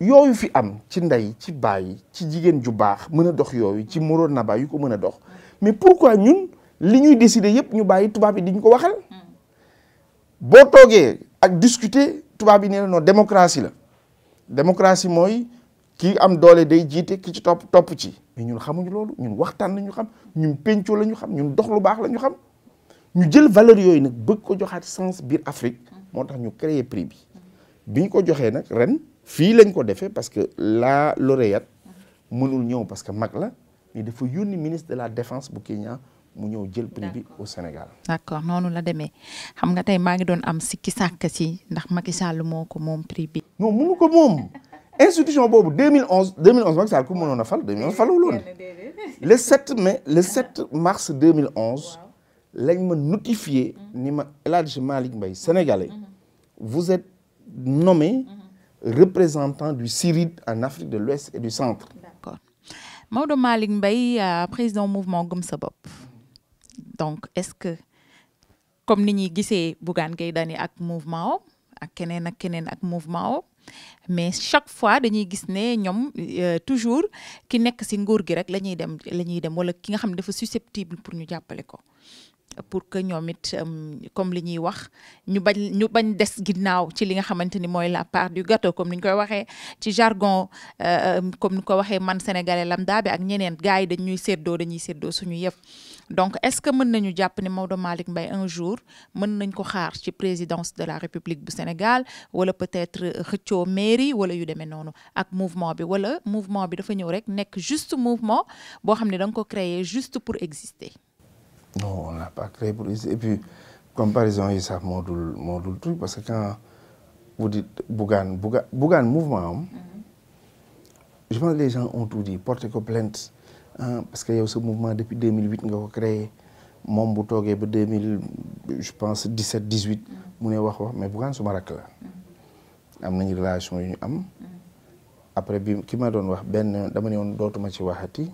yooyu fi am ci ndey ci bàyyi ci jigéen ju baax mën a dox yooyu ci moroon na baay yu ko mën a dox mais pourquoi ñun li ñuy décider yëpp ñu bàyyi tubaab yi di ñu ko waxal. Hmm. boo toogee ak discuter tubaab yi ne na non démocratie la démocratie mooy kii am doole day jiite ki ci topp topp ci. mais ñun xamuñu loolu ñun waxtaan la xam ñun pencoo la ñu xam ñun dox lu baax la ñu xam ñu jël valeur yooyu nag bëgg ko joxaat sens biir Afrique hmm. moo tax ñu créer prix bi bi ñu ko joxee nag ren. fii lañ ko defee parce que la lauréate mënul ñëw parce que mag la mais dafa yónni ministre de la défense bu Kenya mu ñëw jël prix au Sénégal. d'accord noonu la demee xam nga tey maa ngi doon am sikki sàkk si ndax Macky Sall moo ko moom prix bi. non mënu ko moom institution boobu 2011 2011 Macky Sall ku mënoon a fal 2011 falul woon le 7 mai le 7 mars 2011 lañ ma notifié ni ma El Hadj Malick Mbaye mhm. vous êtes nommé. Mhm. représentant du CIRID en Afrique de l'Ouest et du Centre. D'accord. Maodo Malick Mbaye, euh, président mouvement Gëm sa bopp. Donc, est-ce que comme ni ñuy gisee Bougane Gueye Dany ak mouvement o ak keneen ak keneen ak mouvement o mais chaque fois dañuy gis ne ñoom euh, toujours ki nekk ci nguur gi rek la ñuy dem la ñuy dem wala ki nga xam ne dafa susceptible pour ñu jàppale ko pour que ñoom it euh, comme li ñuy wax ñu bañ ñu bañ des ginnaaw ci li nga xamante ni mooy la part du gâteau comme ni ñu koy waxee ci jargon euh, euh, comme ni ko waxee man sénégalais lambda bi ak ñeneen gars yi dañuy séddoo dañuy séddoo suñu yëpp. donc est-ce que mën nañu jàpp ne Maodo Malick Mbaye un jour mën nañ ko xaar ci présidence de la République bu Sénégal wala peut-être xëccoo mairie wala yu demee noonu ak mouvement bi wala mouvement bi dafa ñëw rek nekk juste mouvement boo xam ne da nga ko créer juste pour exister. non on n'a pas pour pour et puis comparaison yi sax moo dul moo dul truc parce que quand vous dites Bougane Bougane Bougane mouvement am. Mhm. je pense que les gens ont tout dit porté ko plainte parce que yow sa mouvement depuis 2008 nga ko créé moom bu toogee ba 2000 je pense 17 18. Mhm. mu ne wax wax mais Bougane suma rakk la. Mhm. am nañu relation yu ñu am. après bi ki ma doon wax benn dama ne woon dootuma ci waxati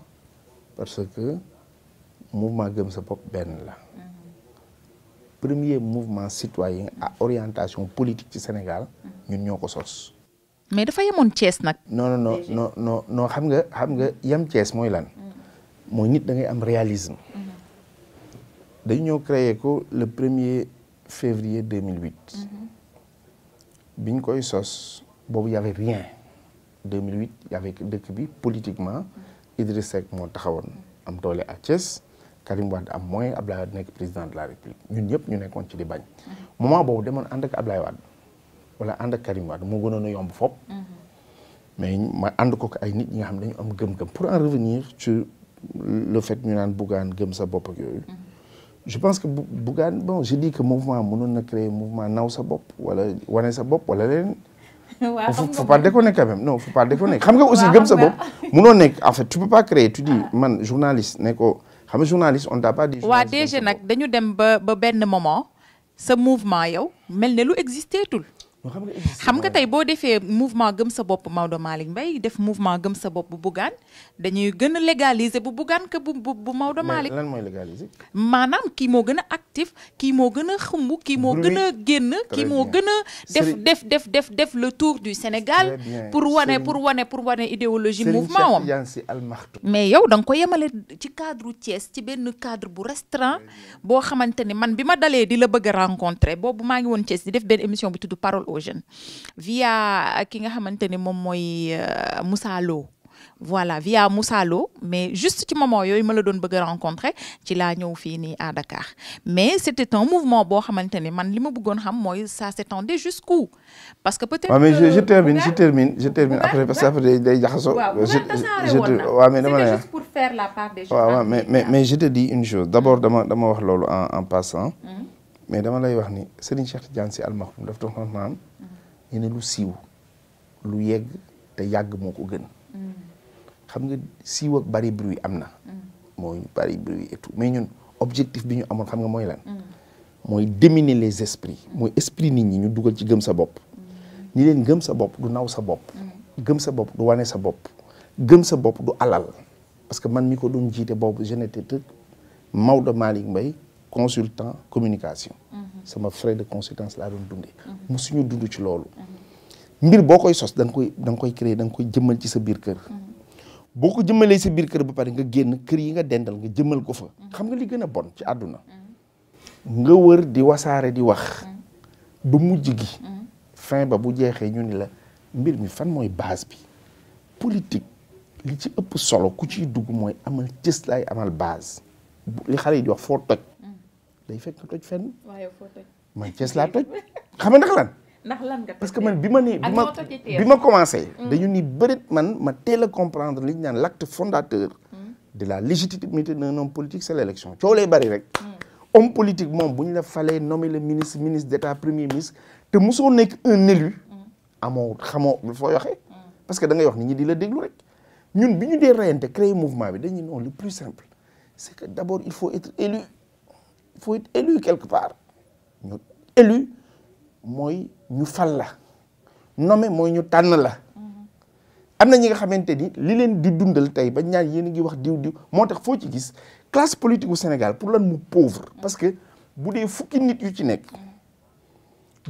parce que. mouvement gëm sa bopp benn la mm-hmm. premier mouvement citoyen à orientation politique ci Sénégal mm-hmm. ñun ñoo ko sos. mais dafa yemoon Thiès nag. non non non non xam nga xam nga yem Thiès mooy lan. Mm-hmm. mooy nit da ngay am réalisme. dañu ñëw créer ko le premier février 2008. biñ koy sos boobu y avait rien. 2008 y avait dëkk bi politiquement Idriss Seck moo taxawoon am doole à Thiès. Karim Wade am moyen Ablaye Wade nekk président de la République ñun ñëpp ñu nekkoon ci di bañ. moment boobu demoon ànd ak Ablaye Wade wala ànd ak Karim Wade moo gënoon a yomb fopp. mais ma ànd ko ay nit ñi nga xam ne dañu am gëm-gëm pour en revenir ci le fait ñu naan Bougane gëm sa bopp ak yooyu. je pense que Bougane bon je dis que mouvement mënoon na créer mouvement naw sa bopp wala wane sa bopp wala leneen. waaw xam faut pas déconner quand même non faut pas aussi gëm sa bopp mënoo nekk en fait tu peux pas créer xam nga on t'a pas dit. waa nag dañu dem ba ba benn moment sa mouvement yow mel ne lu existeetul xam nga tey boo defee mouvement gëm sa bopp Maodo Malick Mbaye def mouvement gëm sa bopp bu Bougane dañuy gën a légaliser bu Bougane que bu bu bu Maodo Malick. lan mooy légaliser. maanaam kii moo gën a actif kii moo gën a xumb kii moo gën génn kii moo gën a def def def def def le tour du Sénégal pour wane pour wane pour wane idéologie mouvement am mais yow da nga ko yemale ci cadre Thiès ci benn cadre bu restreint boo xamante ni man bi ma dalee di la bëgg a boo boobu maa ngi woon Thiès di def benn émission aux jeunes via euh, ki nga xamante ni moom mooy euh, Moussa Lo voilà via Moussa Lo mais juste ci moment yooyu ma la doon bëgg a rencontrer ci laa ñëw fii nii à Dakar mais c' était un mouvement boo xamante ni man li ma bëggoon xam mooy ça s' étendait jusqu'où parce que peut être. waaw mais je je termine je termine je termine après parce que après day jaxasoo. je je mais mais mais mais je te dis une chose d' abord dama dama wax loolu en en passant. Mhm. mais dama lay wax ni Serigne Cheikh Tidiane Sy Al Maktoum naan ñu lu siiw lu yegg te yàgg moo ko gën. xam nga siiw bari bruit am na. mooy bari bruit et tout mais ñun objectif bi ñu amoon xam nga mooy lan. mooy déminer les esprits. mooy esprit nit ñi ñu dugal ci gëm sa bopp. ni leen gëm sa bopp du naw sa bopp. gëm sa bopp du wane sa bopp. gëm sa bopp du alal parce que man mi ko doon jiite boobu je n'étais que Maodo Malick mbay consultant communication. Mhm. sama frais de consultance laa doon dundee. Mhm. mosuñu dund ci loolu. Mhm. mbir boo koy sos da nga koy da nga koy créer da nga jëmmal ci sa biir kër. boo ko jëmmalee sa biir kër ba pare nga génn kër yi nga dendal nga jëmmal ko fa. xam nga li gën a bon ci àdduna. nga wër di wasaare di wax. ba mu gi. fin ba bu jeexee ñu ni la mbir mi fan mooy base bi politique li ci ëpp solo ku ci dugg mooy amal cës laay amal base li xale yi di wax foo toj. day fekk nga toj fenn. waaw foo toj. laa toj xam ndax lan. parce que man bi ma ni bi ma bi ma commencé. Mm. dañu ni bërit man ma teel a comprendre li ñu naan l' acte fondateur. Mm. de la légitimité d'un homme politique c' est l' élection coow lay bari rek. Mm. homme politique moom bu ñu la falee nommé le ministre ministre d' état premier ministre te mosoo nekk un élu. amoo xamoo foo yoxee parce que da ngay wax nit ñi di la déglu rek. ñun bi ñu dee reyante créer mouvement bi dañuy non le faut être élu quelque part ñu élu mooy ñu fal la nommé mooy ñu tànn la mm-hmm. am na ñi nga xamante ni li leen di dundal tey ba ñaan yéen a ngi wax diw diw moo tax foo ci gis classe politique u Sénégal pour lan mu pauvre mm-hmm. parce que bu dee fukki nit yu ci nekk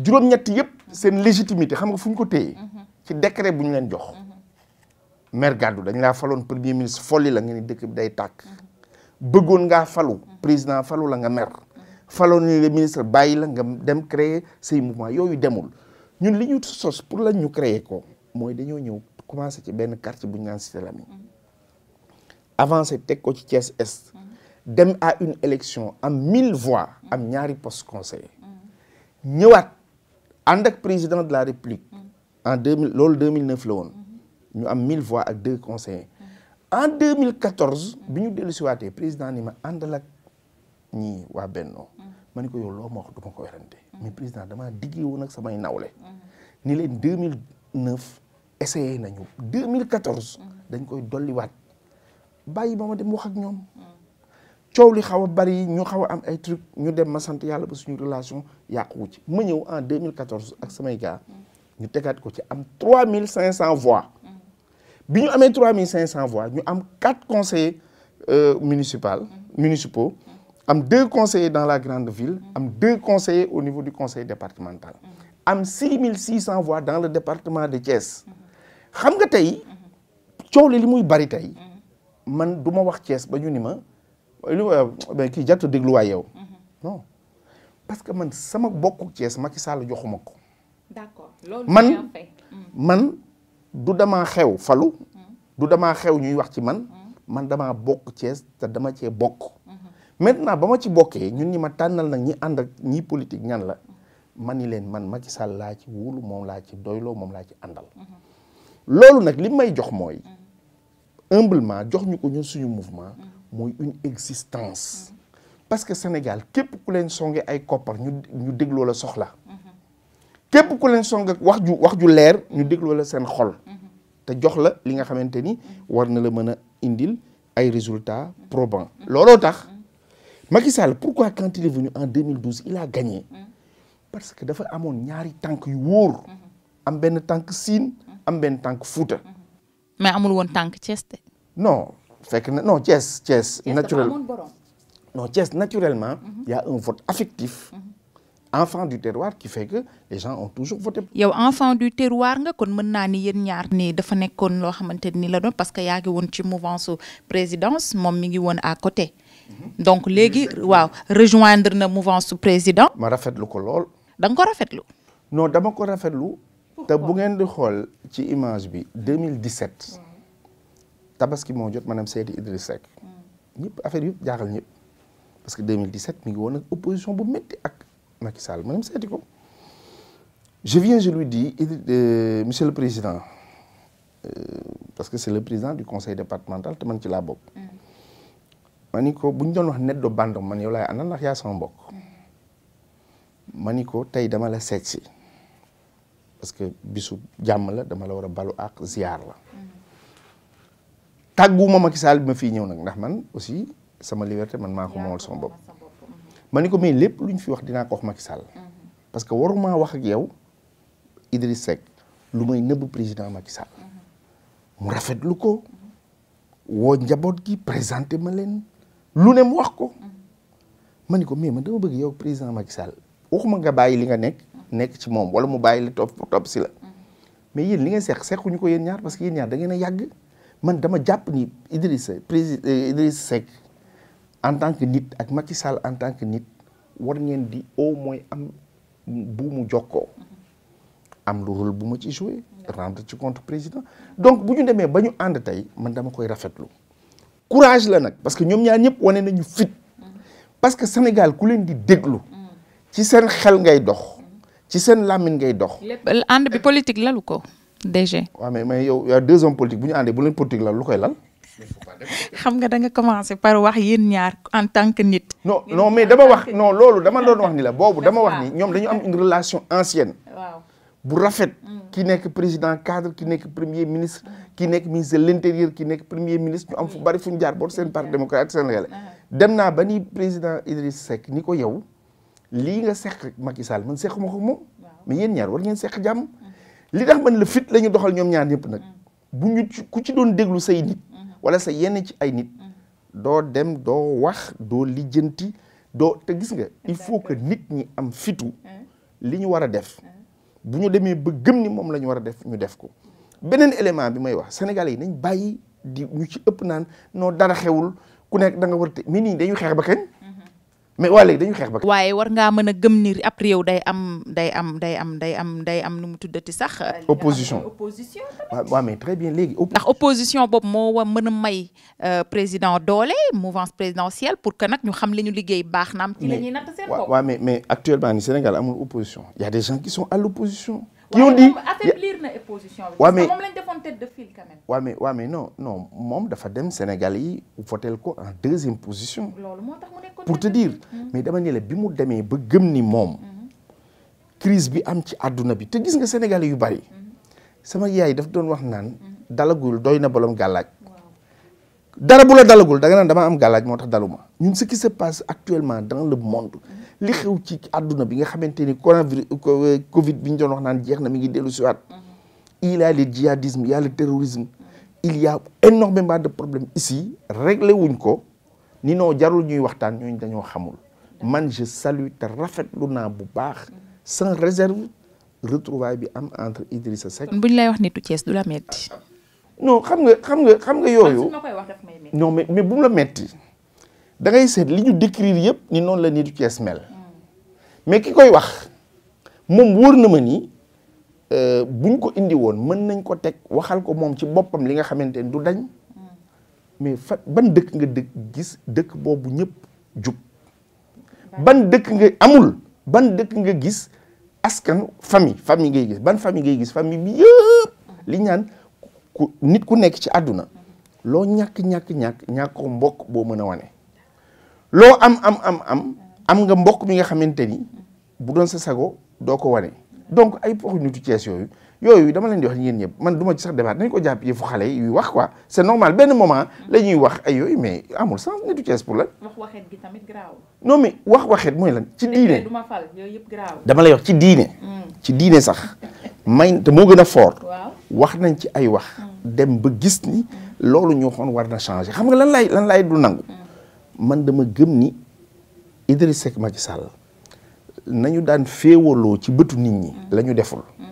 juróom-ñett yëpp seen légitimité xam nga fu ñu ko téye mm-hmm. ci décret bu ñu leen jox maire dañ laa faloon premier ministre folli la nga ni dëkk bi day tàkk bëggoon ngaa falu président falu la nga mer faloon ni le ministre bàyyi la nga dem créer say mouvement yooyu demul ñun li ñu sos pour la ñu créer ko mooy dañoo ñëw commencé ci benn quartier bu ñu naan Cité Lamy avancé ko ci Thiès dem à une élection am mille voix am ñaari poste ñëwaat ànd ak président de la République en deux mille loolu 2009 la woon ñu am mille voix ak deux conseillers en 2014 ñu dellusiwaatee président ni ma àndal ñii waa Benno ma ko yow loo ma wax du ma ko werante mais président damaa diggee woon ak samay nawle ni leen 2009 essayé nañu 2014 dañ koy waat bàyyi ba ma dem wax ak ñoom coow li xaw a bari ñu xaw am ay truc ñu dem ma sant yàlla ba suñu relation yàquwu ci ma ñëw en 2014 ak samay gars ñu tegaat ko ci am mille cinq cent voix bi ñu amee cinq cent voix ñu am quatre conseillers euh, municipal municipaux am deux conseillers dans la grande ville mm-hmm. am deux conseillers au niveau du conseil départemental mm-hmm. am six mille six cent voix dans le département de Thiès mm-hmm. xam nga tey coow li li muy bari tey man du ma wax Thiès ba ñu ni ma lu euh, ma kii parce que man sama bokku Thiès Macky Sall joxuma ko. d'accord loolu man mm. man du damaa xew falu. Mm. du damaa xew ñuy wax ci man. Mm. man dama bokk Thiès te dama cee bokk. maintenant ba ma ci bokkee ñun ñi ma tànnal nag ñi ànd ak ñi politique ñan la man ni leen man Macky Sall laa ci wóolu moom laa ci doyloo moom laa ci àndal mhm. loolu nag li may jox mooy humblement jox ñu ko ñun suñu mouvement mhm. mooy une existence mhm. parce que Sénégal képp ku leen songe ay koppar ñu ñu dégloo la soxla képp ku leen songe wax ju wax ju leer ñu dégloo la seen xol te jox la li nga xamante ni war na la mën a indil ay résultats probants looloo tax Macky Sall pourquoi quand il en il a gagné mm. parce que dafa amoon ñaari tànk yu wóor mm-hmm. am benn tànk siin mm-hmm. am benn tànk Fuuta mm-hmm. mais amul woon tànk Thiès de non fekk na non Thiès Thiès naturel non Thiès naturellement il y a un vote affectif enfant du terroir qui fait que les gens ont toujours voté. yow enfant du terroir nga kon mën naa ni yéen ñaar ni dafa nekkoon loo xamante ni la doon parce que yaa ngi woon ci mouvance présidence moom mi ngi woon à côté donc léegi waaw rejoindre na mouvance su président. ma rafetlu ko lool. danga nga ko rafetlu. non dama ko rafetlu. te bu ngeen di xool ci image bi 2017. tabaski moo jot maanaam seeti Idriss Seck. Mm. ñëpp affaire yëpp jaaxal ñëpp. parce que 2017 mi ngi woon ak opposition bu métti ak Macky Sall maanaam seeti ko. je viens je lui dis euh, monsieur le président euh, parce que c'est le président du conseil départemental te man ci laa bokk. Mm. ma ni ko bu ñu doon wax net do bande man yow laay àndal ndax yaa sama mbokk ma ni ko tey dama la seet si parce que bisu jàmm la dama la war a balu ak ziar la tàgguma Macky Sall bi ma fii ñëw nag ndax man aussi sama liberté man maa ko sama bopp mhm. ma mais lépp lu ñu fi wax dinaa ko wax Macky Sall mhm. parce que waruma wax ak yow Idriss lu may nëbb président Macky Sall mhm. mu rafetlu ko woo njaboot gi présenté ma leen lu ne mu wax ko ma ni ko mais man dama bëgg yow président Macky Sall waxuma nga bàyyi li nga nekk nekk ci moom wala mu bàyyi la topp topp si la mais yéen li ngeen seq sequñu ko yéen ñaar parce que yéen ñaar da ngeen yàgg man dama jàpp nii Idrissa président euh, Idrissa Seck en tant que nit ak Macky Sall en tant que nit war ngeen di au moins am bu mu jokkoo am lu rôle bu ma ci joué rendre ci compte président donc bu ñu demee ba ñu ànd tey man dama koy rafetlu courage la nag parce que ñoom ñaar ñëpp wane nañu fit parce que Sénégal ku leen di déglu ci seen xel ngay dox ci seen làmmiñ ngay dox. lépp ànd bi politique lalu ko DG. waaw mais mais yow yow deux hommes politiques bu ñu àndee bu leen politique lal lu koy lal. xam nga da nga commencé par wax yéen ñaar en tant que nit. no non mais dama wax no loolu dama doon wax ni la boobu dama wax ni ñoom dañu am une relation ancienne. bu rafet mm. ki nekk président cadre ki nekk premier ministre ki nekk ministre de l'intérieur ki nekk premier ministre ñu am fu mm. bari fu ñu jaar boor seen parti démocratique sénégalais mm. dem naa ba ni président Idriss Seck ni ko yow lii nga seq Macky Sall man ma ko moom mais yéen ñaar war ngeen seq jàmm li tax man la fit la ñu doxal ñoom ñaan ñëpp nag bu ñu ku ci doon déglu say nit wala sa yenn ci ay nit doo dem doo wax doo lijjanti doo te gis nga il faut que nit ñi am fitu li ñu war a def bu ñu demee ba gëm ni moom la ñu war a def ñu def ko beneen élément bi may wax sénégalais yi nañ bàyyi di ñu ci ëpp naan noo dara xewul ku nekk da nga war te nii dañu xeex ba kañ mais waa léegi xeex ba. waaye war ngaa mën a gëm ni ab réew day am day am day am day am day am nu mu tuddati sax. opposition opposition. waaw mais très bien léegi. ndax opposition boobu moo war mën a may euh, président doole mouvance présidentielle pour que nag ñu xam li ñu liggéey baax na am. ci la ñuy natt seen bopp waaw mais mais actuellement ni Sénégal amul opposition y des gens qui sont à l'opposition qui ont dit affaiblir na opposition bi. waaw mais moom moom dafa dem Sénégal yi votel ko en deuxième position. loolu moo pour te dire. Hmm. mais dama ne la bi mu demee ba gëm ni moom. Hmm. crise bi am ci adduna bi te gis nga sénégalais yu bari. Hmm. sama yaay daf doon wax naan. dalagul doy na bolom gàllaaj dara bu la dalagul da nga naan dama am gàllaaj moo tax daluma ñun ce qui se passe actuellement dans le monde. li xew ci àdduna bi nga xamante ni coronavirus Covid bi ñu doon naan jeex na mi ngi dellu si waat mm-hmm. il y a le djihadisme il y a le terrorisme il y a énormément de problèmes ici réglé wuñ ko ni noo jarul ñuy waxtaan ñooñu dañoo xamul mm-hmm. man je salue rafet rafetlu naa bu baax sans réserve retrouvaille bi am entre Idrissa Seck. kon bu lay wax nitu Thiès la metti non xam nga xam nga xam nga yooyu. non mais bu la metti da ngay seet li ñu décrire yëpp ni noonu la nitu Thiès mel mais ki koy wax moom wóor na ma nii ni euh, buñ ko indi woon mën nañ ko teg waxal ko moom ci boppam li nga xamante ni du dañ mais fa ban dëkk nga dëkk gis dëkk boobu ñëpp jub ban dëkk nga amul ban dëkk nga gis askan famille famille ngay gis ban famille ngay gis famille bi yëpp li ñaan ku nit ku nekk ci àdduna loo ñàkk ñàkk ñàkk ñàkkoo mbokk boo mën a wane loo am am am am am nga mbokk mi nga xamante ni bu doon sa sago doo ko wane donc ay waxu nitu Cees yooyu yooyu dama leen di wax ñëpp man du ci sax débat dañ ko jàpp yëfu xale yuy wax quoi c'est normal benn moment la ñuy wax ay yooyu mais amul sens nitu Cees pour la wax waxeet gi tamit garaaw. non wax waxeet mooy lan. ci diine ma yëpp garaaw. dama lay wax ci diine. Mm. ci diine sax may te moo gën a fort. wax nañ ci ay wax. Mm. dem ba gis ni loolu ñu waxoon war na changer xam nga lan laay lan laay du nangu. Mm. man dama gëm ni Idriss ma ci Sall nañu daan féewaloo ci bëtu nit ñi mm. lañu ñu deful mm.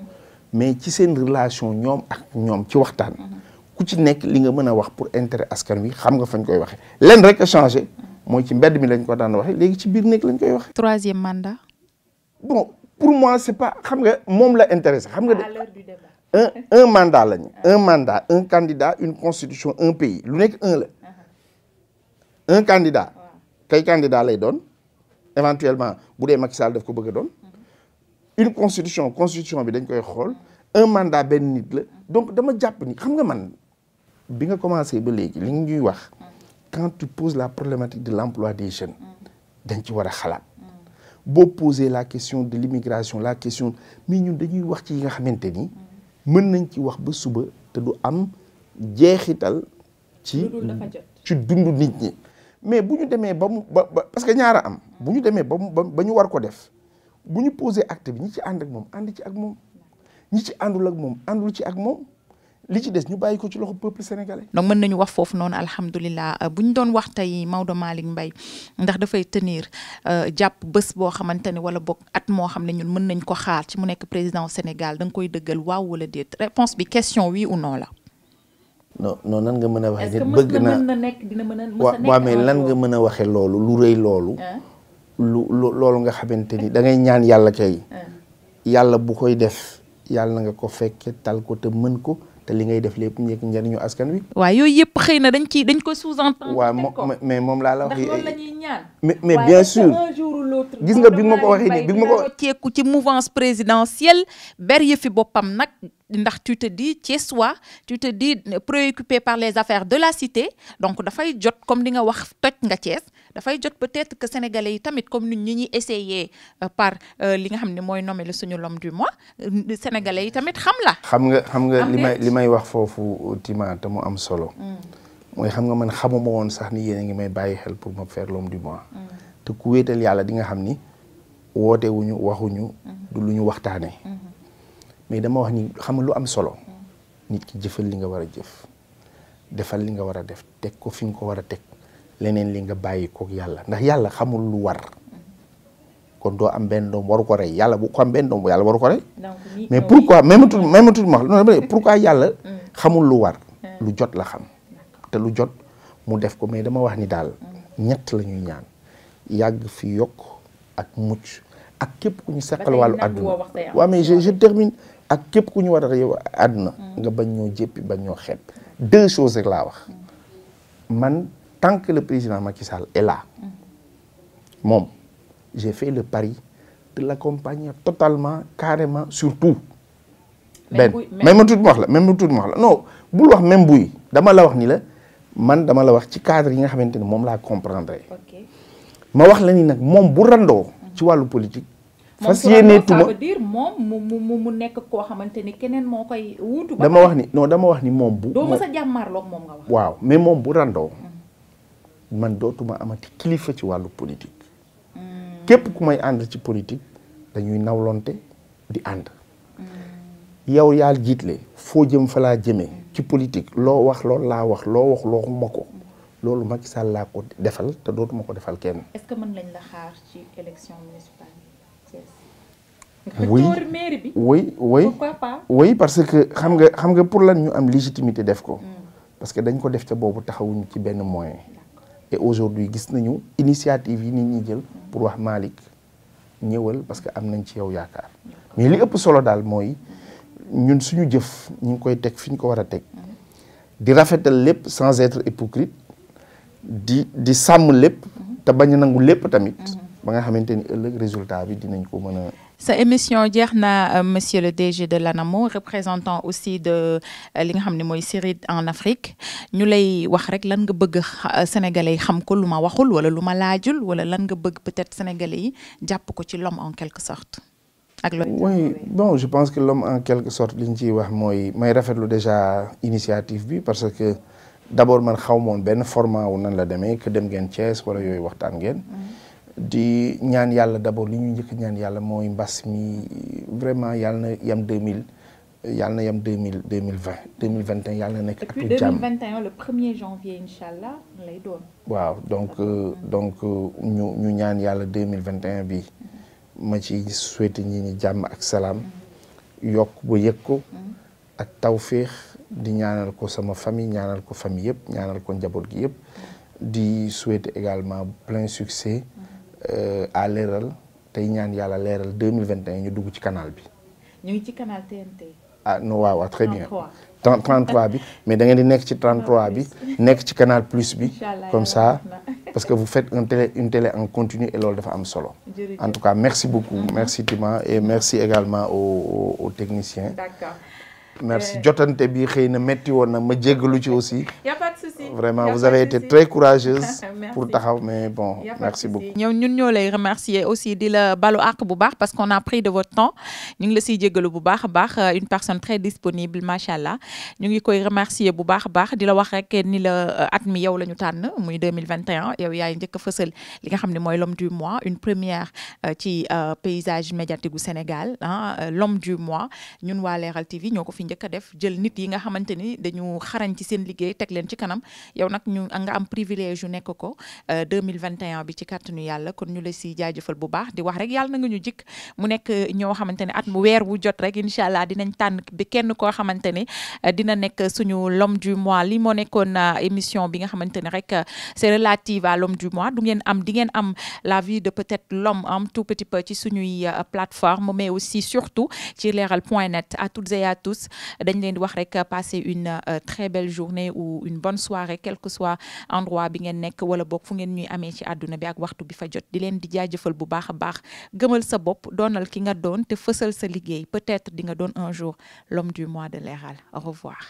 mais ci seen relation ñoom ak ñoom ci waxtaan mm-hmm. ku ci nekk li nga mën a wax pour intérêt askan wi xam nga fañ koy waxe leen rek a changé mm. mooy ci mbedd mi lañ ko daan waxe léegi ci biir nekk lañ koy waxee. troisième mandat. bon pour moi c'est pas xam nga moom la intéressé xam nga. de un mandat lañu. un mandat un candidat une constitution un pays lu nekk un la. un candidat kay candidat lay doon éventuellement bu dee Macky Sall daf ko bëgg doon une constitution constitution bi dañ koy xool un mandat benn nit la donc dama jàpp ni xam nga man bi nga commencé ba léegi li ñuy wax quand tu poses la problématique de l'emploi des jeunes dañ ci war a xalaat boo poser la question de l'immigration la question mais ñun dañuy wax ci nga xamante ni mën nañ ci wax ba suba te du am jeexital ci ci nit ñi mais bu ñu demee ba mu ba parce que ñaara am bu ñu demee ba mu ba ñu war ko def bu ñu posé acte bi ñi ci ànd ak moom ànd ci ak moom ñi ci àndul moom àndul ci ak moom li ci des ñu bàyyi ko ci loxo peuple sénégalais. donc mën nañu wax foofu noonu alhamdulilah euh, bu ñu doon wax tey Maodo Malick Mbaye ndax dafay tenir euh, jàpp bés boo xamante ne wala boog at moo xam ne ñun mën nañ ko xaar ci mu nekk président Sénégal da nga koy dëggal waaw wala déet réponse bi question oui u non la. no non nan nga mën a waxee nit bëgg naa na a waaw mais lan nga mën a waxee loolu lu rëy loolu ah. loolu nga xamante ni dangay ngay ñaan yàlla kay ah. yàlla bu koy def yàlla na nga ko fekke tal ko te mën ko te li ngay def lépp njëkk njëriñu askan wi waaw yooyu yëpp xëy na dañ ciy dañ ko sous-entendre waaw moom mais moom laa la wax mais bien sûr gis nga bi ma ko waxee nii bi ma ko ceeku ci mouvance présidentielle ber yëfi boppam nag ndax tu di dis Thiessois tu te dis préoccupé par les affaires de la cité donc dafay jot comme li nga wax toj nga Thiès dafay jot peut-être que sénégalais yi tamit comme ni ñu ñuy essayer euh, par euh, li xam ne mooy nommer suñu l'homme du mois euh, sénégalais yi tamit xam la. xam nga xam nga li may wax foofu Tima te mu am solo. Mm. mooy xam nga man xamuma woon sax ni yéen a ngi may bàyyi xel pour ma faire l'homme du mois. Mm. te ku wéetal yàlla di nga xam ni wootewuñu waxuñu. Mm. du lu ñu waxtaanee. mais dama wax ni xam lu am solo nit ki jëfal li nga war a jëf defal li nga war a def teg ko fi ko war a teg leneen li nga bàyyi ko yàlla ndax yàlla xamul lu war kon doo am benn doom ko rey yàlla bu ko am benn doom yàlla ko rey mais ma non pourquoi yàlla xamul lu war mm. lu jot la xam te lu jot mu def ko mais dama wax ni daal mm. ñett la ñuy ñaan yàgg fi yokk ak mucc ak képp ku ñu seqal wàllu àdduna mais je termine ak képp ku ñu war a yow àdduna mm. nga bañ ñoo jéppi bañ ñoo xeeb deux choses rek laa wax mm. man tant que le président Macky Sall et la mm. moom j'ai fait le pari la l'accompagner totalement carrément surtout benn même ma tuuti ma wax la même ma ma la non bul wax même buy dama la wax ni man dama la wax ci cadre yi nga xamante ne moom laa comprendre ma wax la ni nag moom bu randoo ci wàllu politique fas yéene tuma moom mu mu nekk koo xamante ni keneen moo koy wuutu. dama wax ni non dama wax ni moom bu. waaw mais moom bu randoo. Mm. man dootuma amati kilifa ci wàllu politique. Mm. képp ku may ànd ci politique dañuy nawlonte di ànd. Mm. yow yaal jiitle foo jëm fa laa jëmee ci politique loo wax loolu laa wax loo wax ko loolu Macky Sall laa ko defal te dootuma ko defal kenn. est-ce la xaar ci élection municipale oui woy woy woy parce que xam nga xam nga pour lan ñu am légitimité def ko hmm. parce que dañ ko def ca boobu taxawuñu ci benn moyen et aujourd'hui gis nañu initiative yi nit ñi jël pour wax Malick ñëwal parce que am nañ ci yow yaakaar mais li ëpp solo daal mooy ñun suñu jëf ñu ngi koy teg fi ñu ko war a teg hmm. di rafetal lépp sans être hypocrite di di sàmm lépp hmm. te bañ nangu lépp tamit ba nga xamante ni ëllëg résultat bi dinañ ko mën sa émission jeex na euh, monsieur le DG de l'ANAMO représentant aussi de euh, li nga xam ne mooy CIRID en Afrique ñu lay wax rek lan nga bëgg euh, sénégalais yi xam ko lu ma waxul wala lu ma laajul wala lan nga bëgg peut-être sénégalais yi jàpp ko ci l'homme en quelque sorte ak loolu mooy bon je pense que l'homme en quelque sorte li ñu ciy wax mooy may rafetlu déjà initiative bi parce que d'abord man xaw moon benn format wu nan la demee que dem ngeen Thiès wala yooyu waxtaan ngeen mm-hmm. di ñaan yàlla d'abord li ñu njëkk ñaan yàlla mooy mbas mi vraiment yàlla na yam 2000 yàlla na yam 2000 2020 2021 yàlla na nekk atu jàmm 2021 le 1 janvier incha allah waaw donc euh, donc euh, ñu ñu ñaan yàlla 2021 bi mm-hmm. ma ci souhaité ñi ñi jàmm ak salaam mm-hmm. yokk bu yëg ko mm-hmm. ak tawféex di ñaanal ko sama famille ñaanal ko famille yëpp ñaanal ko njaboot gi yëpp di souhaité également plein succès Euh, à leeral tey ñaan yàlla leeral deux mille vingt et un ñu dugg ci kanaal bi. ñu ci canal TNT. ah non waaw waaw très bien. 33 bi mais da ngeen di nekk ci 33 bi nekk ci kanaal plus bi comme ça parce que vous faites un télé une télé en continu et loolu dafa am solo en tout cas merci beaucoup merci Tima et merci également aux aux techniciens merci euh, jotante bi xëy na metti na ma jéggalu ci aussi. vraiment vous avez été très courageuse. pour taxaw mais bon merci beaucoup. ñoom ñun ñoo lay remercier aussi di la balu àq bu baax parce qu'on a pris de votre temps ñu ngi la siy jéggalu bu baax a baax euh, une personne disponible macha allah ñu ngi koy remercier bu baax a baax di la wax rek ni la euh, at mi yow la ñu tànn muy 2021 yow yaay njëkk a li nga xam ne mooy l'homme du mois une première ci paysage médiatique bu Sénégal ah l'homme du mois ñun waa Leral TV ñoo ko fi fi njëkk a def jël nit yi nga xamante ni dañu xarañ ci seen liggéey teg leen ci kanam yow nag ñu nga am privilège yu nekk ko euh, bi ci kàttanu yàlla kon ñu la si jaajëfal bu baax di wax rek yàlla na nga ñu jikk mu nekk euh, ñoo xamante at mu weer wu jot rek incha allah dinañ tànn bi kenn koo xamante euh, dina nekk suñu l'homme du mois li émission bi nga xamante ni rek c'est relative à l'homme du mois du ngeen am di ngeen am la vie de peut-être l'homme am tout petit peu ci suñuy plateforme mais dañ leen di wax rek passer une euh, très belle journée ou une bonne soirée quel que soit endroit bi ngeen nekk wala boog fu ngeen ñuy amee ci àdduna bi ak waxtu bi fa jot di leen di jaajëfal bu baax a baax gëmal sa bopp doonal ki nga doon te fësal sa liggéey peut-être di nga doon un jour l'homme du mois de Leral au revoir